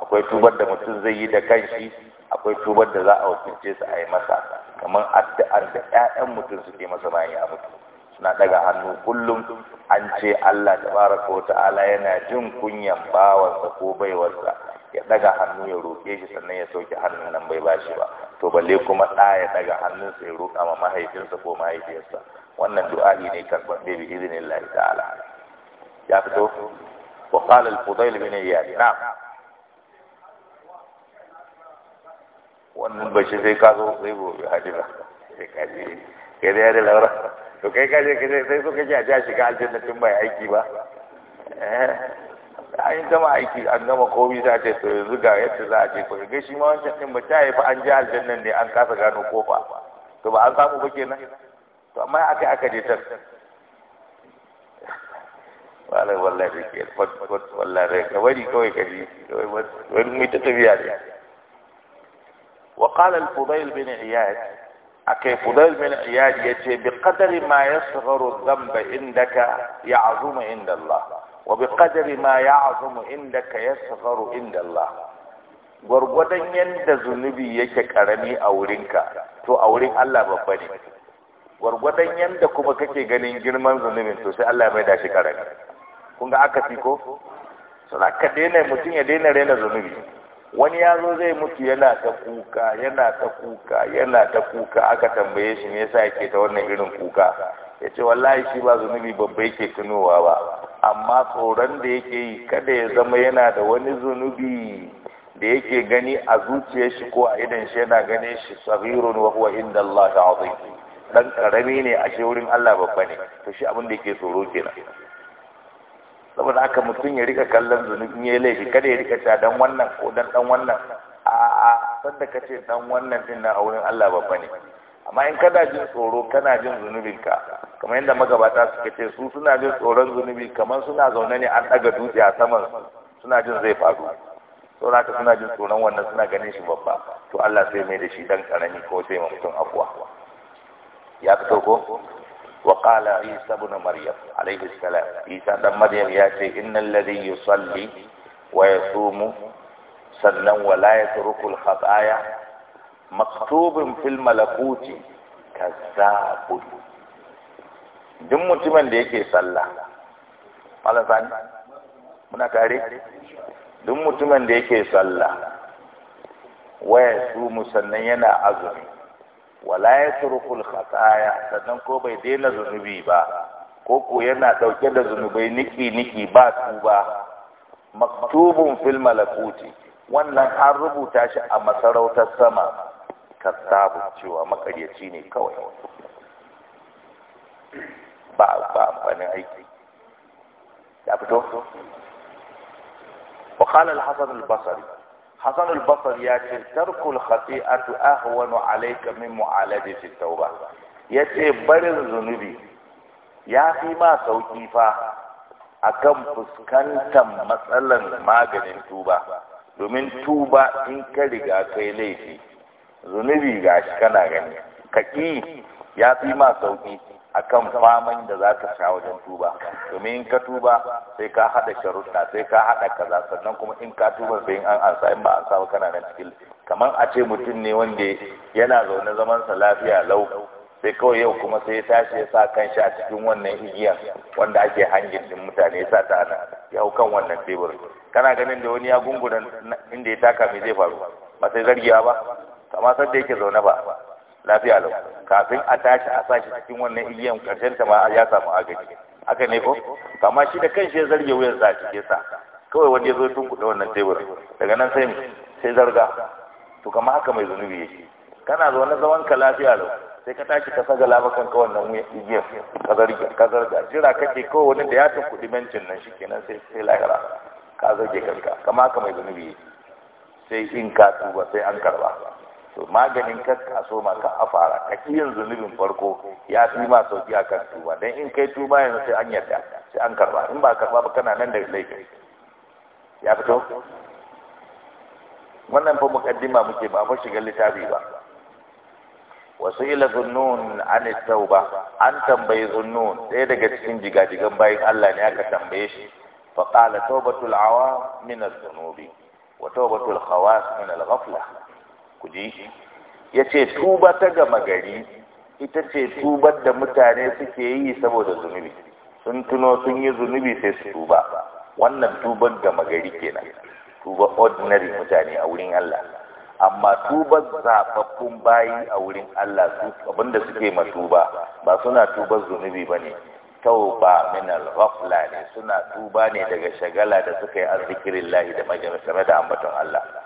akwai tubar da mutum zai yi da kanshi akwai tubar da za a wakilce su a yi masa kamar addu'ar da 'ya'yan mutum suke masa bayan ya mutu suna daga hannu kullum an ce Allah tabaraka wa ta'ala yana jin kunyan bawansa ko baiwarsa ya daga hannu ya roƙe shi sannan ya sauke hannun nan bai bashi ba to balle kuma ɗa ya daga hannunsa ya roƙa ma mahaifinsa ko mahaifiyarsa wannan du'a'i ne karɓaɓɓe bi izinin Allah ta'ala ya fito wa qala al-fudayl bin iyad na'am wannan bashi sai ka zo sai gobe hadira sai ka je kai da yare laura to kai ka je kai sai so kake a ja shiga aljanna tun bai aiki ba eh an gama aiki an gama komi za ce to yanzu ga yadda za a ce ko ga shi ma wancan din ba ta yi fa an ji aljannan ne an kasa gano kofa to ba an samu ba kenan to amma aka aka je ta wallahi wallahi da ke fat fat wallahi da ka bari kawai ka ji kawai wani mai ta tafiya ne wa qala al-fudayl bin iyad akai fudayl bin iyad yace bi qadari ma yasgharu dhanba indaka ya'zuma inda Allah wa bi qadari ma ya'zumu indaka yasgharu inda Allah gwargwadon yanda zunubi yake karami a wurinka to a wurin Allah babba ne gwargwadon yanda kuma kake ganin girman zunubin to sai Allah mai da shi karami kun ga aka fi ko suna ka daina mutum ya daina raina zunubi wani ya zo zai mutu yana ta kuka yana ta kuka yana ta kuka aka tambaye shi me yasa yake ta wannan irin kuka ya ce wallahi shi ba zunubi babba yake tunowa ba amma tsoron da yake yi kada ya zama yana da wani zunubi da yake gani a zuciyar shi ko a idan shi yana gane shi tsagirun wa huwa inda Allah azim dan karami ne a shi wurin Allah babba ne to shi abin da yake tsoro kenan saboda haka mutum ya rika kallon zunubin ya laifi kada ya rika ta dan wannan ko dan dan wannan a a sanda kace dan wannan din na a wurin Allah babba ne amma in kana jin tsoro kana jin zunubin ka kamar yadda magabata suka ce su suna jin tsoron zunubi kamar suna zaune ne an ɗaga dutse a saman suna jin zai faru saboda haka suna jin tsoron wannan suna ganin shi babba to Allah sai mai da shi dan karami ko sai ma mutum afuwa ya fito ko wa qala isa ibn maryam alayhi salam isa dan maryam ya ce innal ladhi yusalli wa yasumu sannan wa la yatruku al khataya maktubin fil malakuti kazzabun duk mutumin da yake sallah malam muna tare duk mutumin da yake sallah waya su musannan yana azumi wala ya turkul khataya sannan ko bai daina zunubi ba ko ko yana dauke da zunubai niki niki ba su ba maktubun fil malakuti wannan an rubuta shi a masarautar sama kasabu cewa makaryaci ne kawai ba ba aiki ya fito wa kala al-hasan al-basri hasan al-basri ya ce tarku al-khati'atu ahwanu alayka min mu'alajati ya ce barin zunubi ya fi ma sauki fa akan fuskantar matsalar maganin tuba domin tuba in ka riga kai laifi zunubi gashi kana gani kaki ya fi ma sauki kan faman da za ka sha wajen tuba domin in ka tuba sai ka haɗa sharuɗa sai ka haɗa kaza sannan kuma in ka tuba sai an ansa in ba an sa kana nan cikin kamar a ce mutum ne wanda yana zaune zaman sa lafiya lau sai kawai yau kuma sai ya tashi ya sa kanshi a cikin wannan igiya wanda ake hangin din mutane ya sa ta ana ya hau kan wannan tebur kana ganin da wani ya gungunan inda ya taka me zai faru ba sai zargiya ba kama san da yake zaune ba lafiya lau kafin a tashi a sashi cikin wannan igiyan karshen ta ma ya samu agaji haka ne ko kama shi da shi ya zarge wuyan sa cikin sa kawai wanda ya zo tun kuɗa wannan tebur daga nan sai sai zarga to kama haka mai zunubi yake kana zaune zaman ka lafiya lau sai ka tashi ka saga labakan ka wannan igiyar ka zarga ka zarga jira kake kawai wani da ya tun kuɗi bencin nan shikenan sai sai lahira ka zarge kanka kama haka mai zunubi yake sai in ka tuba sai an karba maganin kakka so ma ka a fara ka yin zunubin farko ya fi ma sauki a kan tuba don in kai tuba yanzu sai an yarda sai an karba in ba karba ba kana nan da laifin ya fito wannan fa mukaddima muke ba fa shigar littafi ba wasu ila zunnun an tauba an tambayi zunnun ɗaya daga cikin jigajigan bayan Allah ne aka tambaye shi fa qala tawbatul awam min az-zunubi wa tawbatul khawas min al-ghaflah ku ya ce tuba ta gama gari ita ce tubar da mutane suke yi saboda zunubi sun tuno sun yi zunubi sai su tuba wannan tubar gama gari kenan tuba ordinary mutane a wurin Allah amma tubar zababbun bayi a wurin Allah su abinda suke ma tuba ba suna tubar zunubi ba ne tauba min al-ghafla suna tuba ne daga shagala da suka yi an lahi da majalisar da ambaton Allah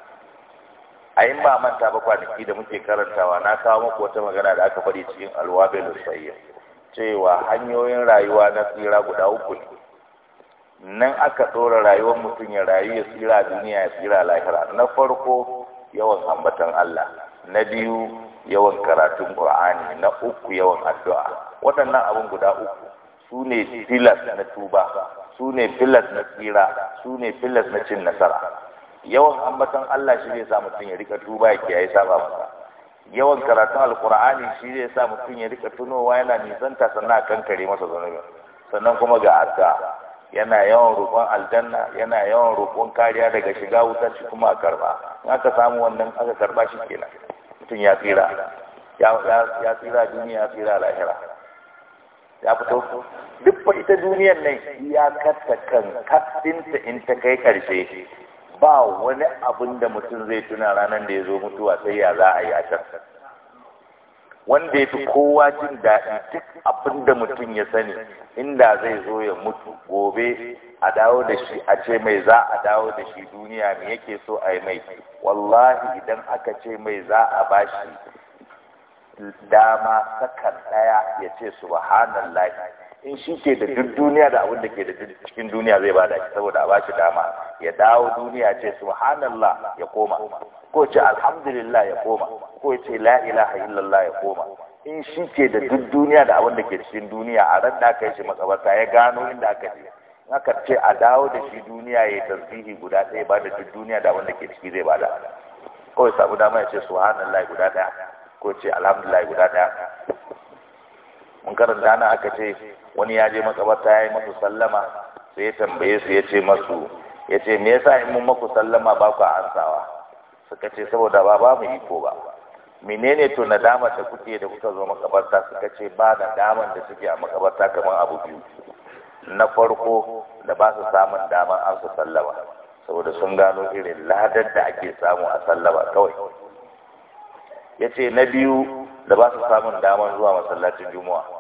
a yin ba manta ba kwanaki da muke karantawa na kawo muku wata magana da aka faɗi cikin alwabe lusayya cewa hanyoyin rayuwa na tsira guda uku ne nan aka ɗora rayuwar mutum ya rayu ya tsira duniya ya tsira lahira na farko yawan ambatan Allah na biyu yawan karatun Qur'ani na uku yawan addu'a waɗannan abin guda uku su ne filas na tuba su ne filas na tsira su ne filas na cin nasara yawan ambatan Allah shi zai sa mutum ya rika tuba ya kiyaye saba masa yawan karatun alkur'ani shi zai sa mutum ya rika tunowa yana nisanta sannan a kankare masa zunubin sannan kuma ga addu'a yana yawan roƙon aljanna yana yawan roƙon kariya daga shiga wuta shi kuma a karba in aka samu wannan aka karba shi kenan mutum ya tsira ya tsira duniya ya tsira lahira ya fito duk fa ita duniyar nan ya katta kan kattinta in ta kai karshe ba wani abin da mutum zai tuna ranar da ya zo mutuwa sai ya za a yi a can wanda ya fi kowa jin daɗi duk abin da mutum ya sani inda zai zo ya mutu gobe a dawo da shi a ce mai za a dawo da shi duniya mai yake so a yi mai wallahi idan aka ce mai za a ba shi dama sakan ɗaya ya ce subhanallah in shi ke da duk duniya da abin da ke da cikin duniya zai bada shi saboda a shi dama ya dawo duniya ce subhanallah ya koma ko ce alhamdulillah ya koma ko ce la ilaha illallah ya koma in shi ke da duk duniya da abin da ke cikin duniya a ran da aka yi shi makabarta ya gano inda aka je in aka ce a dawo da shi duniya ya yi tasbihi guda ɗaya ba da duk duniya da abin da ke ciki zai bada kawai samu dama ya ce subhanallah guda ɗaya ko ce alhamdulillah guda ɗaya mun karanta nan aka ce wani ya je makabarta ya yi masu sallama sai ya tambaye su ya ce masu ya ce me yasa in mun maku sallama ba ku ansawa suka ce saboda ba ba mu iko ba menene to nadama da kuke da kuka zo makabarta suka ce ba nadaman da suke a makabarta kamar abu biyu na farko da ba su samun damar an su sallama saboda sun gano irin ladar da ake samu a sallama kawai ya ce na biyu da ba su samun damar zuwa masallacin juma'a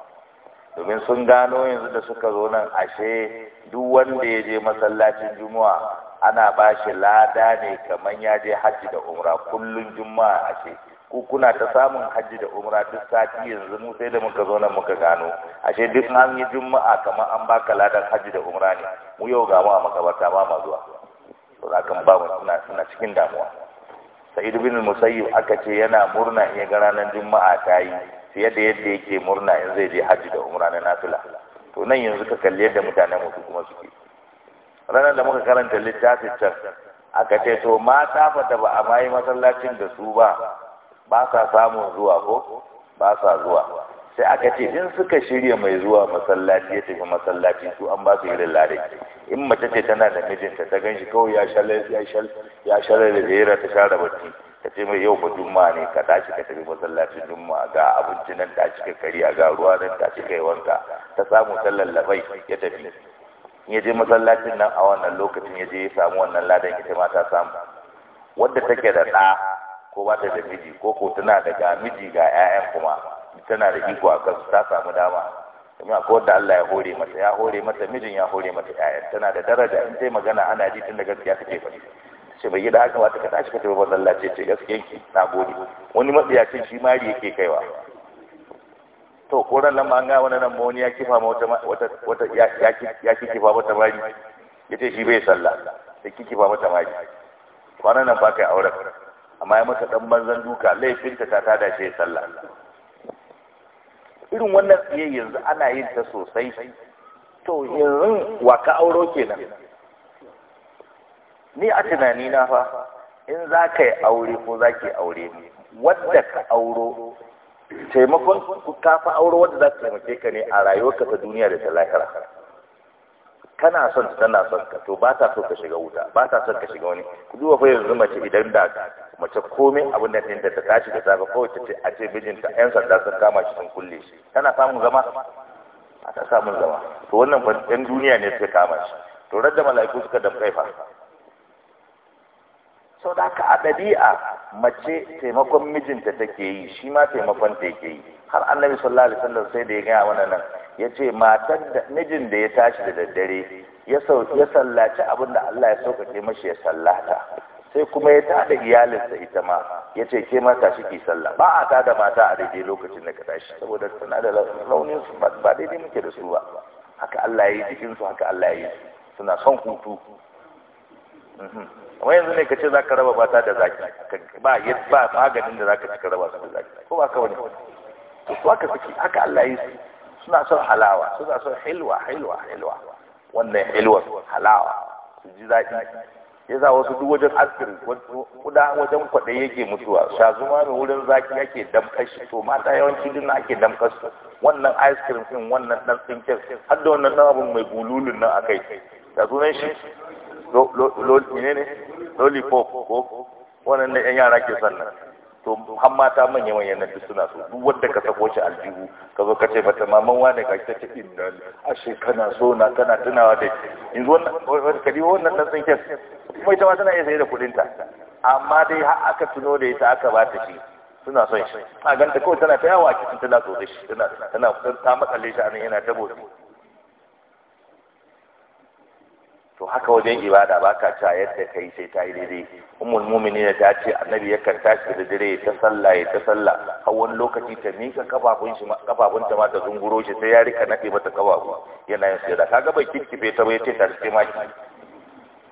domin sun gano yanzu da suka zo nan ashe duk wanda ya je masallacin juma'a ana ba shi lada ne kamar ya je hajji da umra kullum juma'a ashe ku kuna ta samun hajji da umra duk sati yanzu mu sai da muka zo nan muka gano ashe duk an yi juma'a kamar an baka ladan hajji da umra ne mu yau ga mu a makabarta ba ma zuwa to za kan ba mu suna suna cikin damuwa sa'id bin musayyib aka ce yana murna ya ga ranar juma'a ta yi fiye da yadda yake murna in zai je hajji da umra na nafila to nan yanzu ka kalli yadda mutanen mu kuma suke ranar da muka karanta littafin can aka ce to mata fata ba a mayi masallacin da su ba ba sa samun zuwa ko ba sa zuwa sai aka ce in suka shirya mai zuwa masallaci ya tafi masallaci su an ba su irin ladai in mace ce tana da mijinta ta ganshi kawai ya shalar da zaira ta share barci ka ce mai yau ba juma ne ka tashi ka tafi masallacin juma ga abinci nan ta ka kariya ga ruwa nan ta cika yi wanka ta samu ta labai ya tafi ya je masallacin nan a wannan lokacin ya je ya samu wannan ladan ita ma ta samu wadda take da ɗa ko ba ta da miji ko ko tana da ga miji ga 'ya'yan kuma tana da iko a kansu ta samu dama kuma akwai wanda Allah ya hore mata ya hore mata mijin ya hore mata 'ya'yan tana da daraja in sai magana ana ji tun da gaskiya take faɗi ce bai gida haka wata ka shi ka tafi Allah ce gaskiyan ki na gode wani matsiyacin shi mari yake kaiwa to ko nan lamma an ga wani nan mawani ya kifa ma wata wata ya kifa mata mari yace shi bai sallah sai kifa mata mari kwanan nan ba kai auren amma ya masa dan manzan duka laifinta ta tada shi sallah irin wannan tsiye yanzu ana yin ta sosai to yanzu wa ka auro kenan ni a tunani na fa in za ka yi aure ko za yi aure wadda ka auro taimakon ka fa auro wadda za ka taimake ka ne a rayuwarka ta duniya da ta lahira kana son ta tana son ka to ba ta so ka shiga wuta ba ta son ka shiga wani ku duba fa yanzu mace idan da mace komai abin da ɗinta ta tashi da safe kawai ta ce a ce mijinta Yan sanda sun kama shi sun kulle shi tana samun zama a ta samun zama to wannan fa ɗan duniya ne suka kama shi to radda mala'iku suka damƙai fa sau da a ɗabi'a mace taimakon mijinta take yi shi ma taimakon ta yake yi har annabi sallallahu alaihi wasallam sai da ya gaya mana nan ya ce matar da mijin da ya tashi da daddare ya sallaci abin da Allah ya sauƙaƙe mashi ya sallata sai kuma ya tada iyalinsa ita ma ya ce ke ma tashi ki sallah ba a tada mata a daidai lokacin da ka tashi saboda suna da launin su ba daidai muke da su ba haka Allah ya yi jikinsu haka Allah ya yi suna son hutu mhm. amma yanzu ne ka ce za ka raba ta da zaki ba ba maganin da za ka ci ka raba su da zaki ko ba ka wani to su aka suke haka Allah ya yi suna son halawa suna son hilwa hilwa hilwa wannan hilwa halawa su ji zaki ya za wasu duk wajen asiri kuda wajen kwaɗe yake mutuwa shazuma mai wurin zaki yake damkar shi to mata yawanci duk ake damkar su wannan ice cream din wannan dan tsinken har da wannan abin mai bululun nan akai da sunan shi ne ne lollipop ko wannan ne yan yara ke sannan to har mata manya manya na duk suna so duk wanda ka sako shi aljihu ka zo ka ce mata maman wane ka ta ce inna ashe kana so na tana tunawa da yanzu wannan kadi wannan dan sun kes kuma ita ma tana iya saye da kudin ta amma dai har aka tuno da ita aka ba ta shi suna son shi a ganta kawai tana ta yawa a cikin tana so da shi tana tana ta matsale shi a nan yana ta botsi to haka wajen ibada ba ka ta yadda ka yi sai ta yi daidai umul mumini ta ce annabi yakan tashi da dare ta sallah ya ta sallah har wani lokaci ta mika kafafun shi kafafun ta ma zunguro shi sai ya rika nafe mata kafafu yana yin sujada kaga bai kikkife ta bai ce ta sai ma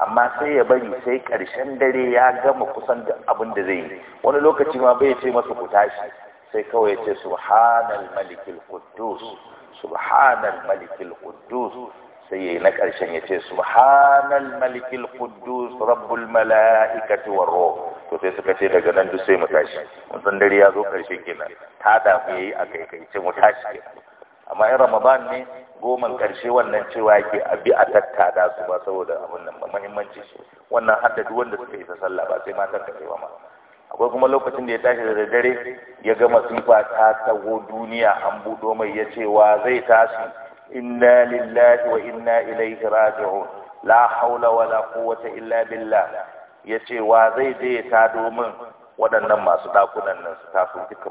amma sai ya bari sai karshen dare ya gama kusan da abin da zai yi wani lokaci ma bai ce masa ku tashi sai kawai ya ce subhanal malikil quddus subhanal malikil quddus sai yayi na ƙarshen ya ce subhanal malikil quddus rabbul malaikati war ruh to sai suka ce daga nan duk sai mu tashi mun san dare ya zo ƙarshe kenan ta da mu yayi a kai kai ce mu tashi amma in ramadan ne goman ƙarshe wannan cewa yake a bi a tattada su ba saboda abin nan ba muhimmanci shi wannan haddadu wanda suka isa sallah ba sai matan ka kai ma akwai kuma lokacin da ya tashi da dare ya gama sifa ta tsawo duniya an buɗo mai ya cewa zai tashi inna lillahi wa inna ilaihi raji'un la haula wala quwwata illa billah yace wa zai je ya tado waɗannan masu ɗakunan nan su taso duka a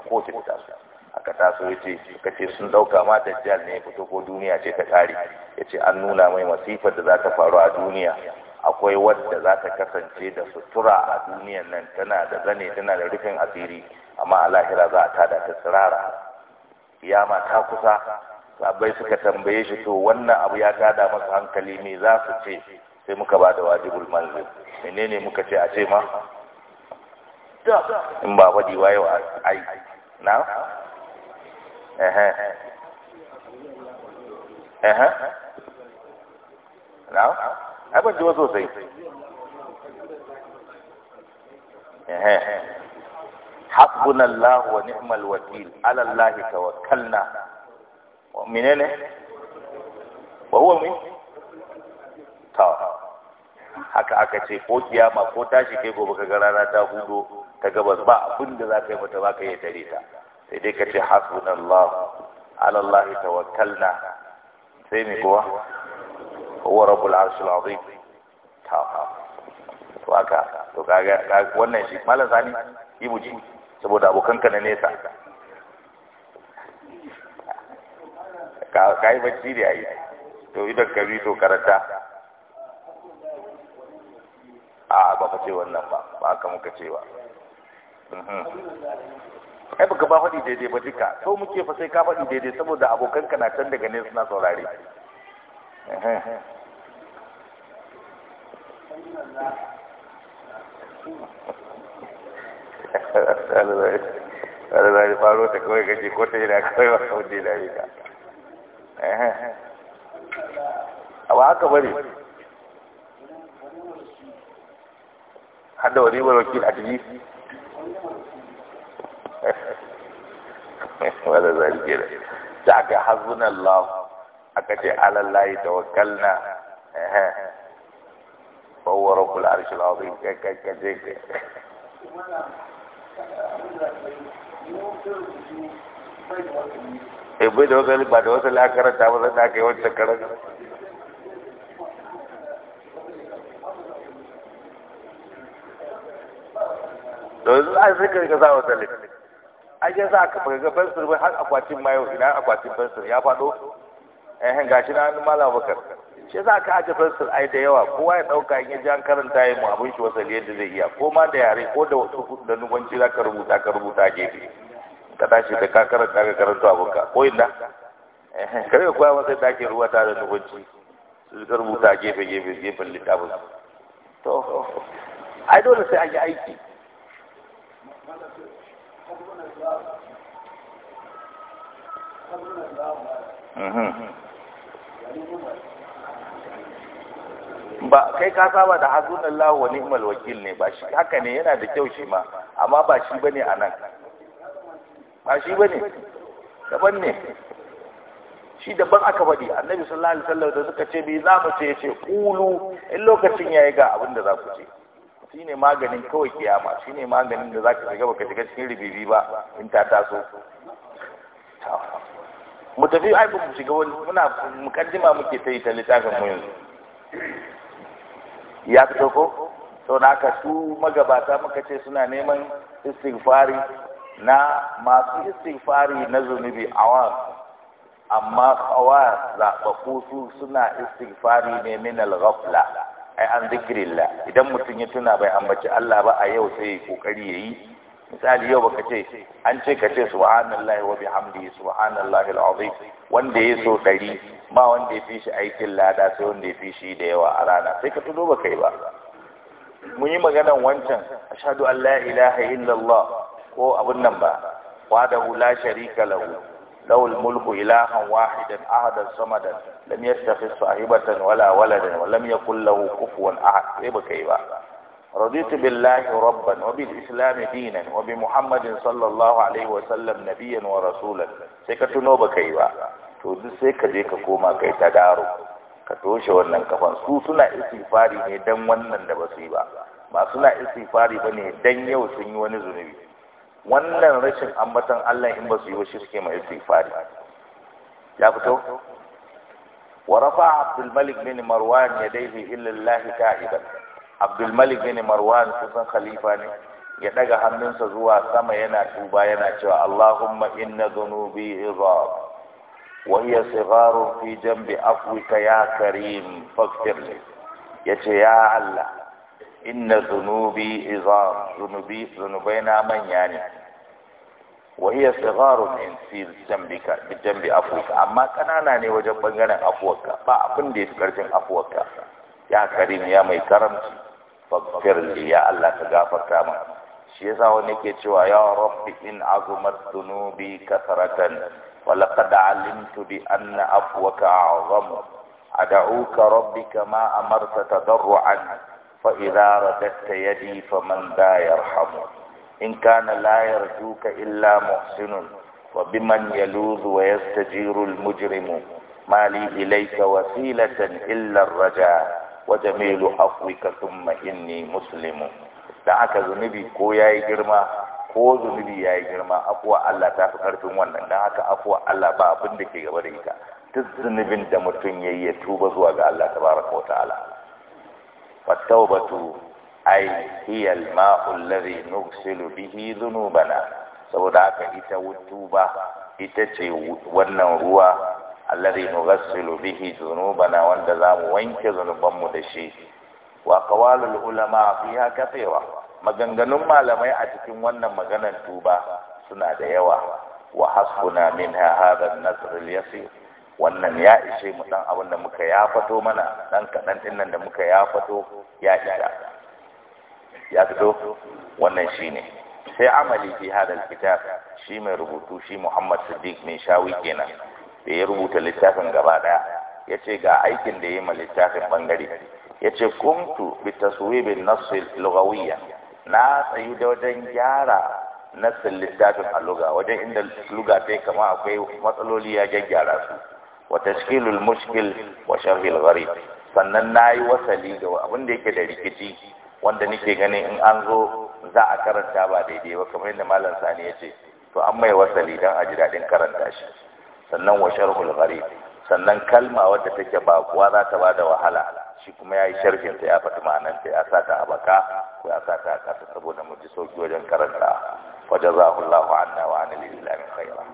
kowace taso aka taso ya ce ce sun ɗauka ma dajjal ne ya fito ko duniya ce ta ƙare ya ce an nuna mai masifar da za ta faru a duniya akwai wadda za ta kasance da sutura a duniyan nan tana da zane tana da rufin asiri amma a lahira za a tada ta tsirara kiyama ta kusa sabai suka tambaye shi to wannan abu ya gada masa hankali me za su ce sai muka ba da wajibul manzil menene muka ce a ce ma in ba faɗi wayo ai na ehe ehe na abin ji wasu sai ehe حسبنا wa ونعم wakil على الله توكلنا menene وهو huwa min ta haka aka ce ko kiyama ko tashi kai gobe ka ga rana ta hudo ta gabas ba abin da ka yi mata ba ka yi tare ta sai dai ka ce hasbunallahu ala Allah tawakkalna sai me kuwa huwa rabbul arshil azim ta to haka to kaga wannan shi malan ne ibuji saboda abokanka na nesa ka yi bacci da yayi to idan ka to karanta a ba ka ce wannan ba ba ka muka ce ba mhm. ai baka ba faɗi daidai ba duka so muke fa sai ka faɗi daidai saboda abokanka na can daga nesa suna saurare Thank mhm. <laughs> you. أنا أقول لك أنا أقول تکوی کچی کوتی را کوئی وقت خودی لائی کا او آکا بری حد وریب الوکیل حدیجی والا باید کیلے چاکے حضن اللہ اکتے علی اللہ توکلنا هو رب العرش العظيم كذلك ebe eh, da wasu ba da wasu lakarar ta wasu da aka yi wancan karanta yanzu an sai karka riga za wa tsalle an yi za ka ga fensir har akwatin mayo ina akwatin fensir ya faɗo ehen gashi na hannun malam bakar shi za ka aje fassar ai da yawa kowa ya dauka in ji an karanta yi mu abin shi wasali yadda zai iya ko ma da yare ko da wasu da nubanci za ka rubuta ka rubuta a gefe ka tashi da ka karanta ka karanta ka ko inda eh, kare ka koya masa da ke ruwa ta da nubanci su ka rubuta gefe gefe gefen littafin to ai dole sai a yi aiki Mm-hmm. ba kai ka saba da hasbunallahu wa ni'mal wakil ne ba shi haka ne yana da kyau shi ma amma ba shi bane nan ba shi bane daban ne shi daban aka faɗi annabi sallallahu alaihi wasallam da suka ce bi za mu ce yace kulu in lokacin yayi ga abin da za ku ce shine maganin kawai kiyama shine maganin da ka shiga baka shiga cikin ribibi ba in ta taso mu tafi ai mu shiga wani muna mukaddima muke ta yi ta littafin mu yanzu ya fito ko to na ka su magabata muka ce suna neman istighfari na masu istighfari na zunubi wasu amma kawa zaɓaɓɓu su suna istighfari ne min al ai an la idan mutum ya tuna bai ambaci Allah ba a yau sai ya kokari yayi misali yau baka ce an ce ka ce subhanallahi wa bihamdihi subhanallahi alazim wanda ya so dari ba wanda ya fi shi aikin lada sai wanda ya fi shi da yawa a rana sai ka tuno baka yi ba mun yi maganan wancan ashhadu an la ilaha illallah ko abun nan ba wadahu la sharika lahu له الملك إلها واحدا أحدا صمدا لم يتخذ صاحبة ولا ولدا ولم يكن له كفوا أحد إيه بكيبا رضيت بالله ربا وبالإسلام دينا وبمحمد صلى الله عليه وسلم نبيا ورسولا سيكتنو بكيبا to duk sai ka je ka koma kai ta daro ka wannan kafan su suna istighfari ne dan wannan da basu yi ba ba suna istighfari ba ne dan yau sun yi wani zunubi wannan rashin ambatan Allah in basu yi ba shi suke mai istighfari ya fito wa rafa'a abdul malik bin marwan yadayhi illa allah ta'iban abdulmalik bin marwan kusan khalifa ne ya daga hannunsa zuwa sama yana tuba yana cewa allahumma inna zunubi idhab wa hiya sigharun fi janbi afwika ya karim faghfir li yace ya allah inna dhunubi idhab zunubai na manya ne wa hiya sigharun in fi janbika bi janbi afwika amma kanana ne wajen bangaren afwarka ba abin da ya fi karfin afwarka ya karim ya mai karamci فاغفر لي يا الله تغفر كما شي يسا وني كيتوا يا رب ان عظمت ذنوبي كثرة ولقد علمت بان عفوك اعظم ادعوك ربي كما امرت تضرعا فاذا رددت يدي فمن ذا يرحم ان كان لا يرجوك الا محسن وبمن يلوذ ويستجير المجرم ما لي اليك وسيله الا الرجاء Wajen jamilu Afrika thumma inni muslimu dan aka zunubi ko yayi girma ko zunubi yayi girma afuwa Allah ta fi karfin wannan dan aka afuwa Allah ba abin da ke gaba da ita duk zunubin da mutum yayi ya tuba zuwa ga Allah tabaraka wa ta'ala wat tawbatu ay hiya al ma'u alladhi bihi zunubana. saboda haka ita ba, ita ce wannan ruwa alladhi nughassilu bihi dhunubana wanda zamu wanke mu da shi wa qawalul ulama fiha kathira maganganun malamai a cikin wannan maganar tuba suna da yawa wa hasbuna minha hadha an-nasr al-yasir wannan ya ishe mu dan abin da muka ya fato mana dan kadan din nan da muka ya fato ya isa ya fito wannan shine sai amali fi hadha al-kitab shi mai rubutu shi Muhammad Siddiq mai shawi kenan da ya rubuta littafin gaba ɗaya, ya ce ga aikin da ya yi ma littafin bangare ya ce kuntu bi taswibin nasir lugawiyya na tsayi da wajen gyara nasir littafin a luga wajen inda luga ta kama akwai matsaloli ya gyaggyara su wa tashkilul mushkil wa sharhil gharib sannan nayi wasali ga abin da yake da rikici wanda nake ganin in an zo za a karanta ba daidai ba kamar yadda malam sani ya ce to an mai wasali don a ji daɗin karanta shi sannan wa sharhul gharib sannan kalma wadda take bakuwa kuwa za ta bada wahala shi kuma yayi sharhin ta ya faɗi ma'anar ta ya sa a baka ko ya sa a kasa saboda mu ji sauki wajen karanta wa jazahu Allahu anna wa anil islam khaira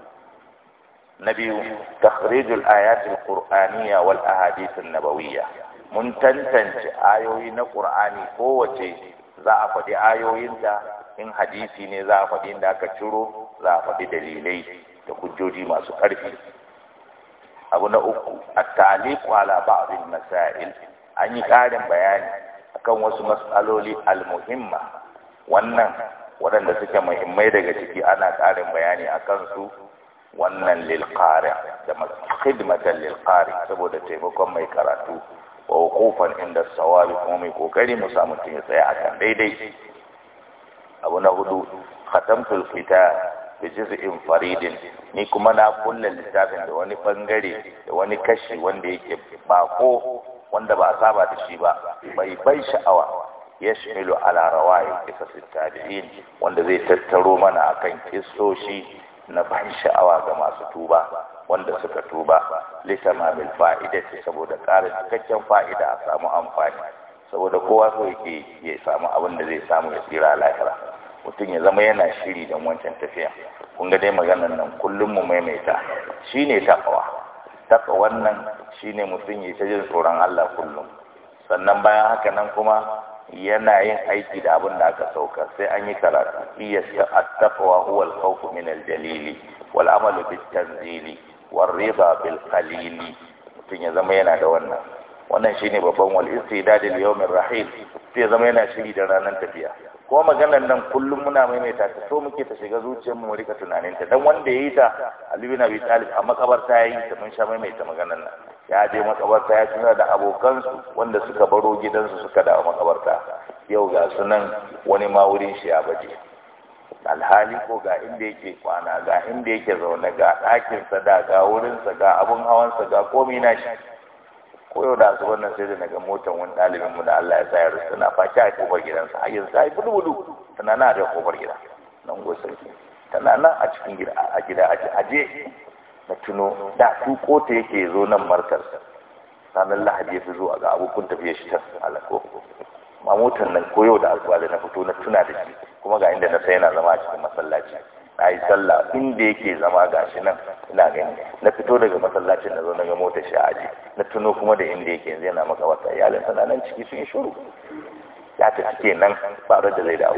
nabiyu takhrijul ayatil qur'aniyya wal ahadith an-nabawiyya mun tantance ayoyi na qur'ani kowace za a faɗi ayoyinta in hadisi ne za a faɗi inda aka ciro za a faɗi dalilai da hujjoji masu ƙarfi abu na uku a taliqu ala ba'd masail an yi ƙarin bayani akan wasu matsaloli almuhimma wannan waɗanda suke muhimmai daga ciki ana ƙarin bayani a kansu. wannan lilƙari da khidmatan lilƙari saboda taimakon mai karatu wa wuqufan inda sawari kuma mai kokari mu samu tun ya tsaya a kan daidai abu na hudu khatamtul fitar bi juz'in faridin ni kuma na kulle littafin da wani bangare da wani kashi wanda yake ko wanda ba saba da shi ba bai bai sha'awa yashmilu ala rawai kisa tabi'in wanda zai tattaro mana akan kissoshi na ban sha'awa ga masu tuba wanda suka tuba lisama fa'ida ce saboda ƙara cikakken fa'ida a samu amfani saboda kowa so yake ya samu abin da zai samu ya tsira lahira mutum ya zama yana shiri don wancan tafiya kun ga dai maganar nan kullum mu maimaita Shi shine takawa wannan nan ne mutum ya ta jin tsoron Allah kullum sannan bayan haka nan kuma yana yin aiki da abin da aka sauka sai an yi karatu iya at-taqwa huwa al-khawf min al-jalili wal amalu bit-tanzili war bil qalili mutum ya zama yana da wannan wannan shine babban wal istidad al-yawm ar-rahim sai ya zama yana shiri da ranar tafiya ko maganar nan kullum muna maimaita ta so muke ta shiga zuciyar mu rika tunanin ta dan wanda yayi ta Ali bin Abi Talib a makabarta yayi ta mun sha maimaita maganar nan ya je makabarta ya tuna da abokan su wanda suka baro gidansu suka dawo makabarta yau ga nan wani ma wurin shi ya baje alhali ko ga inda yake kwana ga inda yake zaune ga ɗakinsa da ga wurinsa ga abun sa, ga komai na shi ko yau da asubar nan sai da naga motan wani dalibin mu da Allah ya sa ya rusu na faci a kofar gidansa a yanzu ai budu budu tana na da kofar gida nan go sarki tana nan a cikin gida a gida a aje na tuno da su ta yake zo nan markar ranar lahadi ya fi zo ga kun tafiye shi ta alako ma motan nan ko yau da asuba da na fito na tuna da shi kuma ga inda na sai yana zama a cikin masallaci na yi sallah inda yake zama gashi nan ina gani na fito daga masallacin na zo na ga motar shi aji na tuno kuma da inda yake yanzu yana maka wata iyalin sana nan ciki sun yi shuru ya ta cike nan ba da zai dawo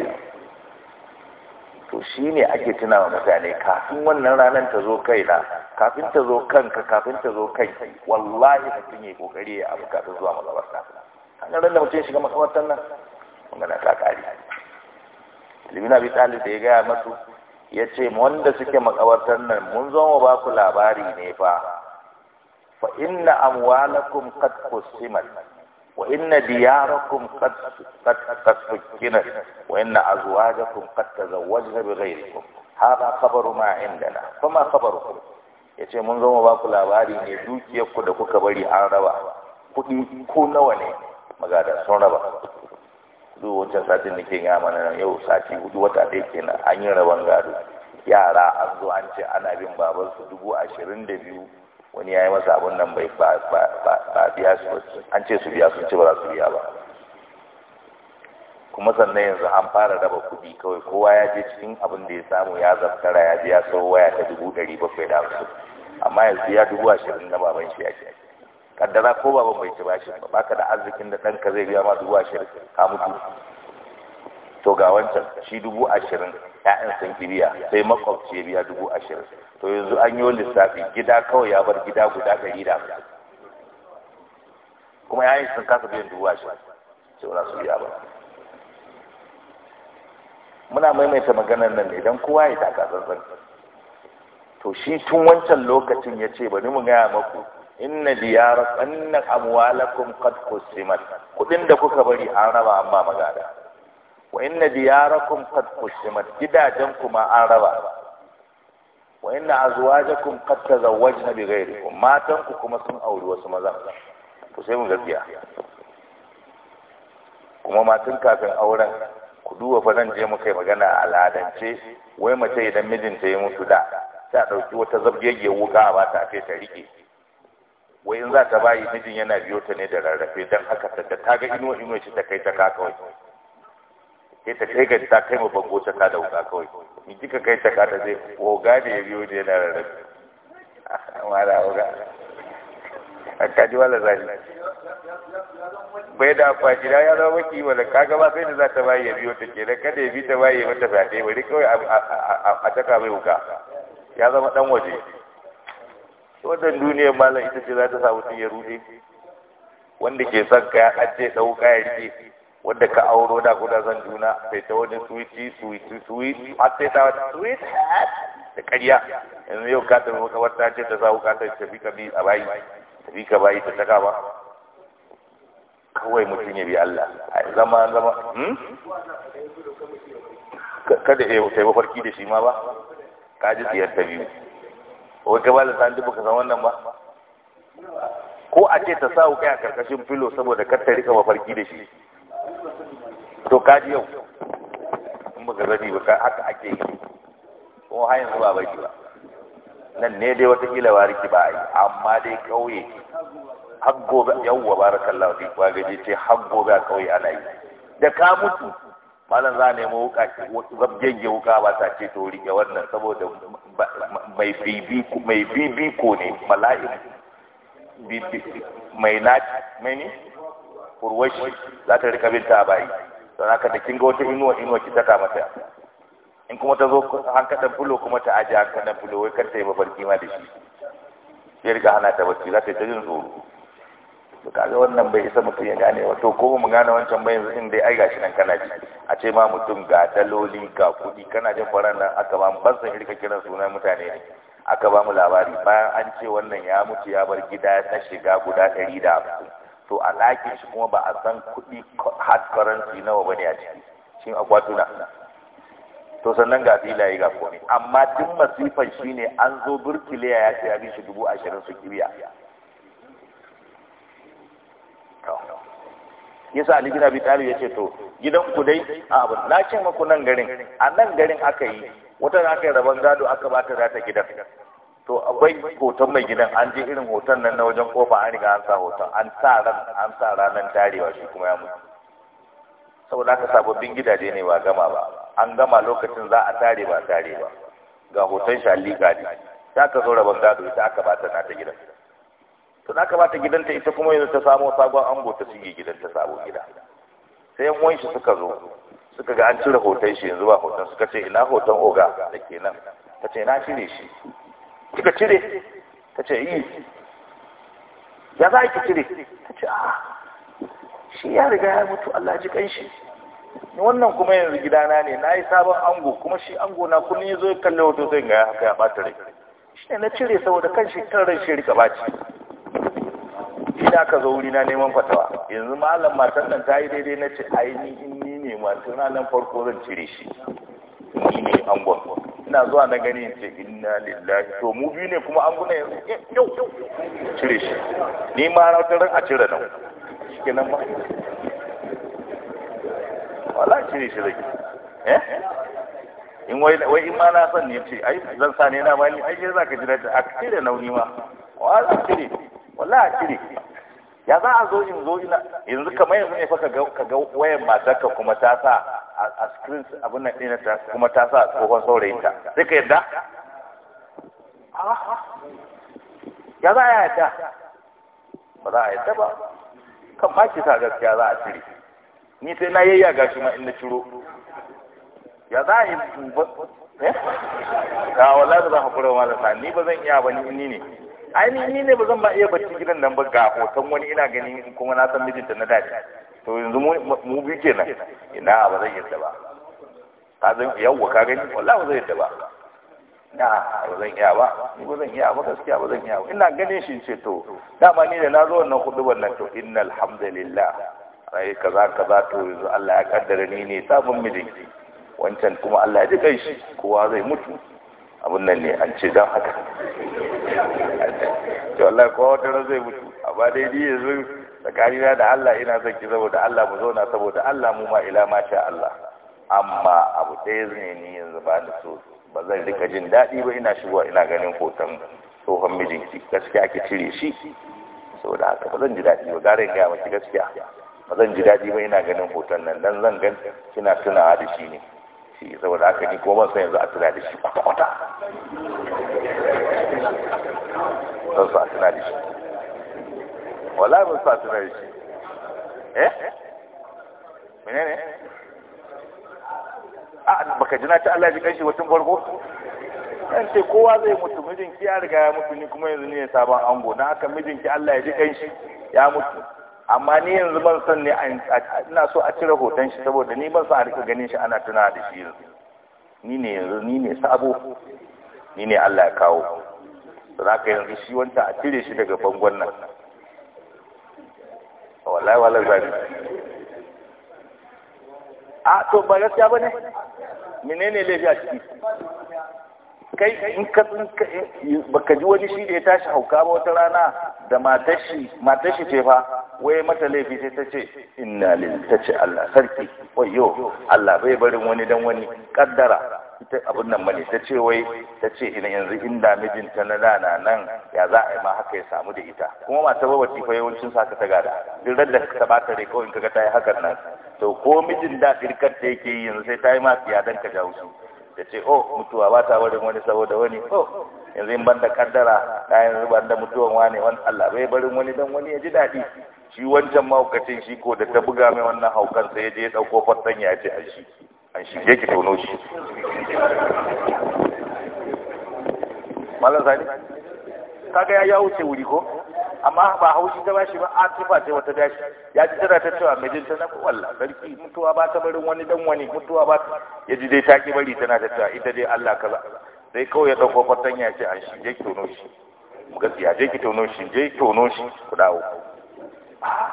to shi ne ake tuna wa mutane kafin wannan ranar ta zo kaina kafin ta zo kanka kafin ta zo kai wallahi ka tunye kokari ya abu kafin zuwa makabarta an ran da mutum ya shiga makabartar nan na ta kari Libina bi talib da ya gaya masu ya ce wanda suke makabartar nan mun zo mu ba ku labari ne fa fa inna amwalakum qad qusimat wa inna diyarakum qad qad qad fukinat wa inna azwajakum qad tazawwajna bighayrikum hada khabaru ma indana kuma khabarukum yace mun zo mu ba ku labari ne dukiyar ku da kuka bari an raba kuɗi ko nawa ne magada sun raba su wancan satin da ke mana nan yau sati hudu wata ɗaya kenan an yi rawan gado yara an zo an ce ana bin baban su dubu ashirin da biyu wani ya yi masa abin nan bai ba biya su an ce su biya sun ce ba za su biya ba kuma sannan yanzu an fara raba kuɗi kawai kowa ya je cikin abin da ya samu ya zaftara ya biya sau waya ta dubu ɗari bakwai da hamsin amma yanzu ya dubu ashirin na baban shi ya ke kaddara ko ba bai ci bashi ba baka da arzikin da ɗanka zai biya ma dubu ashirin ka mutu to ga wancan shi dubu ashirin 'ya'yan sun biya sai makwabci ya biya dubu ashirin to yanzu an yi lissafi gida kawai ya bar gida guda ɗari da kuma kuma yi sun kasa biyan dubu ashirin sai wani su biya ba muna maimaita maganar nan ne idan kowa ya taka zanzan. to shi tun wancan lokacin ya ce bari mu gaya maku inna diyara annak amwalakum qad qusimat kudin da kuka bari an raba amma magana wa inna diyarakum qad qusimat gidajen kuma an raba wa inna azwajakum qad tazawwajna bighayrikum matan ku kuma sun auri wasu maza to sai mun gaskiya kuma matan kafin auren ku duba fa zan je mu kai magana a ladance wai mace idan mijinta ya mutu da ta dauki wata zabgegge wuka a ta kai ta rike wai in za ta bayi mijin yana biyo ta ne da rarrafe don haka ta ta ga inuwa inuwa ce ta kai ta ka kawai sai ta kai ga ta kai ma bango ta da wuka kawai in ka kai ta ka ta zai oga da ya biyo da yana rarrafe mara oga a kaji wala zani bai da amfani na ya zama maki wala kaga ba sai da za ta bayi ya biyo ta ke da kada ya bi ta bayi mata fyaɗe wani kawai a taka mai wuka ya zama dan waje wannan duniyar malam ita ce za ta sa mutum ya rude wanda ke son ka ya ajiye ɗauka ya rike wanda ka auro da kuna son juna sai ta wani suwici suwici suwici a sai ta wani suwici da ƙarya yanzu yau ka tafi makamar ta ce ta sa wuka ta tafi ka bi a bayi tafi ka bayi ta taka ba kawai mutum ya bi Allah zama zama hmm? kada ya yi mafarki da shi ma ba ka ji siyar ta biyu wai kai malam sani ka san wannan ba ko a ce ta sa kai a karkashin filo saboda kar ta rika mafarki da shi to ka ji yau in ka sani ba haka ake yi ko har yanzu ba baki ba nan ne dai wata kila ba riki ba yi amma dai kauye har gobe yawwa barakallahu fi kwa gaji ce har gobe a kauye ana yi da ka mutu malam za a nemo wuka gabgege wuka ba ta ce to rike wannan saboda mai bibi ko ne malai mai naci mai ne furwashi za ta rika binta a bayi don haka da kin ga wata inuwa inuwa ki taka mata in kuma ta zo hankadan fulo kuma ta aji hankadan fulo wai kar ta yi mafarki ma da shi sai rika hana ta bacci za ta yi ta jin tsoro to kaga wannan bai isa mutum ya gane wa to ko mu gane wancan bai yanzu in dai ai gashi nan kana ji a ce ma mutum ga daloli ga kuɗi kana jin faran nan aka ba mu ban san irka kiran sunan mutane ne aka ba mu labari bayan an ce wannan ya mutu ya bar gida na shiga guda ɗari da hamsin to a shi kuma ba a san kuɗi hard currency nawa bane a ciki shin akwatuna to sannan ga filaye ga komai amma duk masifan shine an zo burkiliya ya ce ya bi shi dubu ashirin su kibiya yasa Ali bi Abi ya ce to gidan ku dai a abin na maku nan garin a nan garin aka yi wata da aka yi rabon gado aka ba ta za ta gidan to akwai hoton mai gidan an je irin hoton nan na wajen kofa an riga an sa hoton an sa ran an sa ranan tarewa shi kuma ya mutu saboda aka sababbin gidaje ne ba gama ba an gama lokacin za a tare ba tare ba ga hoton shi Ali gadi ta ka zo rabon gado ita aka ba ta na ta gidan to da aka bata gidanta ita kuma yanzu ta samo sabon ango ta shige gidanta sabon gida sai yan shi suka zo suka ga an cire hoton shi yanzu ba hoton suka ce ina hoton oga da ke nan ta ce na cire shi kika cire ta ce yi eh, ya za ki cire ta ce a ah, shi ya riga ya mutu Allah ji kanshi ni wannan kuma yanzu gidana ne na yi sabon ango kuma shi ango na kullum ya zo ya kalli hoto sai ga haka ya bata rai shi ne na cire saboda kan shi kan ran shi rika baci Ina ka zo wurina neman fatawa yanzu malam matan nan ta yi daidai na ce ai ni in ni ne masu ranar farko zan cire shi ni ne angon ina zuwa na gani in ce inna lillahi to mu biyu ne kuma an guna yanzu eh, yau cire shi ni ma ran a cire nan shi nan ba wala cire shi zai eh in wai wai in ma na san ne ce ai zan sa ne na bani ai sai zaka jira ta a cire nauni ma wala cire wala cire ya za a zo in zo ina yanzu kamar yanzu ne fa ka ga wayan matarka kuma ta sa a screen abin nan ɗin ta kuma ta sa tsohon saurayinta sai ka yadda ya za a yadda ba za a yadda ba kan ma ta sa gaskiya za a cire ni sai na yayya shi ma inda ciro ya za a yi eh ga wallahi ba zan hakura ma da sa ni ba zan iya ba ni ne ainihin ne ba zan ba iya bacci gidan nan ba ga hoton wani ina gani kuma na san mijinta na dace to yanzu mu biyu kenan ina ba zan yadda ba ka zan yawwa ka gani wallahi ba zan yadda ba na ba zan iya ba ni ba zan iya ba gaskiya ba zan iya ba ina ganin shi ce to dama ni da na zo wannan hudu wannan to inna alhamdulillah rai kaza kaza to yanzu Allah ya kaddara ni ne sabon mijinki wancan kuma Allah ya ji kai shi kowa zai mutu abun nan ne an ce dan haka ce Allah ko wata ran zai mutu amma dai ni yanzu tsakanina da Allah ina son ki saboda Allah mu zauna saboda Allah mu ma ila ma sha Allah amma abu ɗaya zai ni yanzu ba ni so ba zan rika jin daɗi ba ina shigowa ina ganin hoton tsohon mijinki gaskiya ki cire shi saboda haka ba zan ji daɗi ba garin gaya maki gaskiya ba zan ji daɗi ba ina ganin hoton nan dan zan gan kina tunawa da shi ne ce saboda aka ni kuma san yanzu a tuna da shi kwata-kwata san su a tuna da shi wala su a tuna da shi eh mene ne a baka jina ta Allah ji shi wacin farko kan ce kowa zai mutu mijinki ya riga ya mutu ni kuma yanzu ne sabon ango na haka mijinki Allah ya ji ya mutu amma ni yanzu ban san ne ina so a cire hoton shi saboda ni ban san a rika ganin shi ana tuna da shi yanzu ni ne yanzu ni ne sabo ni ne Allah ya kawo za ka yanzu shi wanta a cire shi daga bangon nan wallahi wallahi zabi a to ba gaskiya bane menene laifi a ciki kai in ka ka ji wani shi da ya tashi hauka ba wata rana da matashi matashi ce fa wai mata laifi sai ta ce inna lil ta ce Allah sarki wayo Allah bai barin wani dan wani kaddara ita abun nan bane ta ce wai ta ce ina yanzu inda mijinta na na nan ya za a yi ma haka ya samu da ita kuma ta ba wata yawancin sa ka ta gada duk da ka bata rai kawai kaga ta yi hakan nan to ko mijin da kirkar ta yake yi yanzu sai ta yi ma fiya dan ka jawo su ya ce oh mutuwa ba ta barin wani saboda wani oh yanzu in banda kaddara na yanzu banda mutuwan wani wani Allah bai barin wani dan wani ya ji daɗi shi wancan mahaukacin shi ko da ta buga mai wannan haukan sai ya je ya ɗauko fatan ya ce an shi an shi ki tono shi malam sani kaga ya wuce wuri ko amma ba haushi ta bashi ba atifa ce wata dashi ya ji tana ta cewa jinta na kowalla sarki mutuwa ba ta barin wani dan wani mutuwa ba ta ya ji dai ta ki bari tana ta cewa ita dai Allah kaza sai kawai ya ɗauko fatan ya ce an shi je ki tono shi mu gaskiya je ki tono shi je ki tono shi ku dawo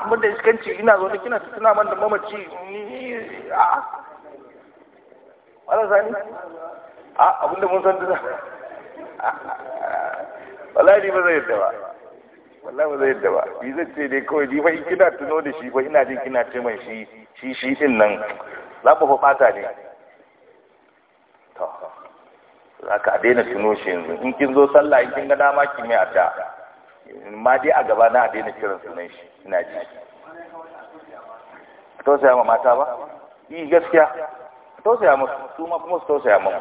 amma ah, da iskanci ina zo da kina tuna man da mamaci ni a wala sani a abinda mun san duna <laughs> wallahi ba zai yadda ba wallahi ba zai yadda ba shi zai ce dai kawai ni fa in kina tuno da shi ba ina jin kina ce mai shi shi shi din nan za mu fa bata ne to za ka daina tuno shi yanzu in kin zo sallah in kin ga dama ki mai ta ma dai a gaba na daina kiran sunan shi ina ji tausaya ma mata ba yi gaskiya tausaya ma su ma kuma su tausaya mu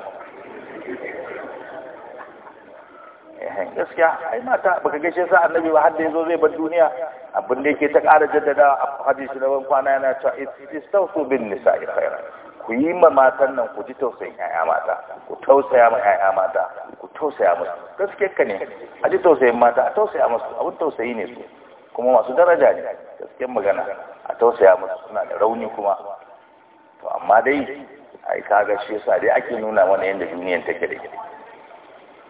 gaskiya ai mata baka gaishe sa annabi ba har da yazo zai bar duniya abin da yake ta ƙara jaddada a hadisi na ban kwana yana cewa istawsu bin nisa'i khaira ku yi ma matan nan ku ji tausayin ƴaƴa mata ku tausaya ma ƴaƴa mata ku tausaya musu gaskiya ka ne a ji tausayin mata a tausaya musu abin tausayi ne su kuma masu daraja ne gaskiyar magana a tausaya musu suna da rauni kuma to amma dai ai kaga shi yasa dai ake nuna mana yadda duniyar take da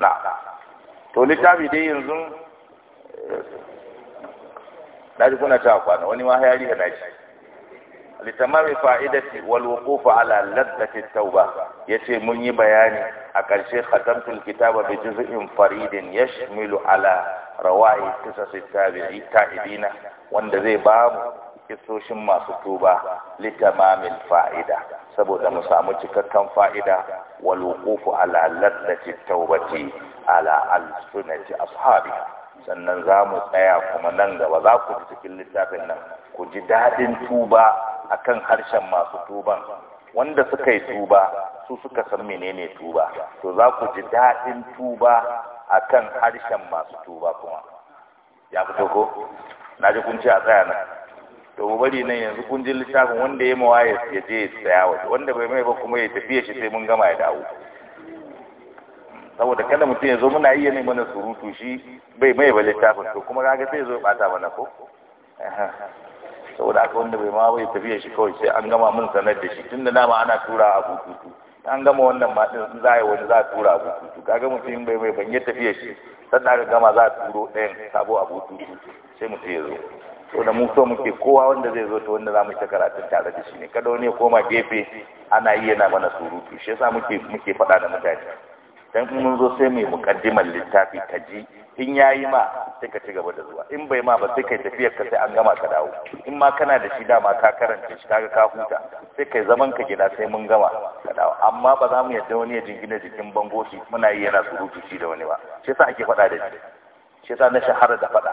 na to littafi dai yanzu eh, na ji kuna ta kwana wani ma hayari da nashi litamami fa'idati wal wuqufu ala ladzati tauba yace mun yi bayani a ƙarshe khatamtul kitaba bi juz'in faridin yashmilu ala rawai qisas tabii ta'ibina wanda zai ba mu kisoshin masu tuba litamamin fa'ida saboda mu samu cikakken fa'ida wal wuqufu ala ladzati tawbati ala al-sunnati ashabi sannan za mu tsaya kuma nan gaba za ku fi cikin littafin nan ku ji daɗin tuba akan harshen masu tuban wanda suka yi tuba su suka san menene tuba to za ku ji daɗin tuba akan harshen masu tuba kuma ya fito ko na ji kunci a tsaya nan to mu bari nan yanzu kun ji littafin wanda ya mawa ya je ya tsaya waje wanda bai mai ba kuma ya tafiya shi sai mun gama ya dawo saboda kada mutum ya zo muna iya ne mana surutu shi bai mai ba littafin to kuma ga sai ya zo ya bata mana ko <laughs> saboda aka wanda bai ma bai tafiya shi kawai sai an gama mun sanar da shi tunda nama ana tura a bututu an gama wannan ma din za yi wani za a tura a bututu kaga mutum bai mai ban yi tafiya shi sannan aka gama za a turo ɗayan sabo a bututu sai mutum ya zo so da mu so muke kowa wanda zai zo ta wanda za mu ta karatun tare da shi ne kada wani ya koma gefe ana yi yana mana surutu shi yasa muke muke faɗa da mutane dan in mun zo sai mu mukaddimar littafi ka ji in yayi ma sai ka ci gaba da zuwa in bai ma ba sai kai tafiyar ka sai an gama ka dawo in ma kana da shi dama ka karanta shi kaga ka huta sai kai zaman ka gida sai mun gama ka dawo amma ba za mu yadda wani ya jingina jikin bango shi muna yi yana surutu shi da wani ba shi yasa ake faɗa da shi shi yasa na shahara da faɗa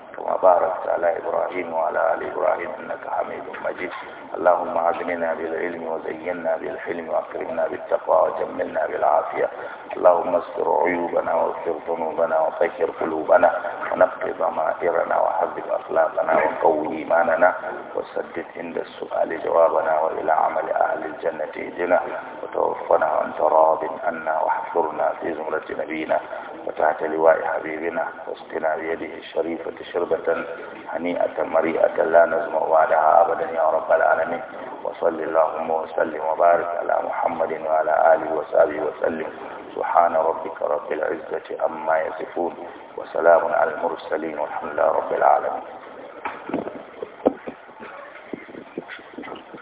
كما باركت على إبراهيم وعلى آل إبراهيم إنك حميد مجيد اللهم أعزمنا بالعلم وزينا بالحلم وأكرمنا بالتقوى وجملنا بالعافية اللهم استر عيوبنا واغفر ذنوبنا وطهر قلوبنا ونقض ضمائرنا وحبب أخلاقنا وقوي إيماننا وسدد عند السؤال جوابنا وإلى عمل أهل الجنة اهدنا وتوفنا وأنت راض عنا واحفرنا في زمرة نبينا وتحت لواء حبيبنا واسقنا بيده الشريفة شربا توبة هنيئة مريئة لا نزم بعدها أبدا يا رب العالمين وصل اللهم وسلم وبارك على محمد وعلى آله وصحبه وسلم سبحان ربك رب العزة أما يصفون وسلام على المرسلين والحمد لله رب العالمين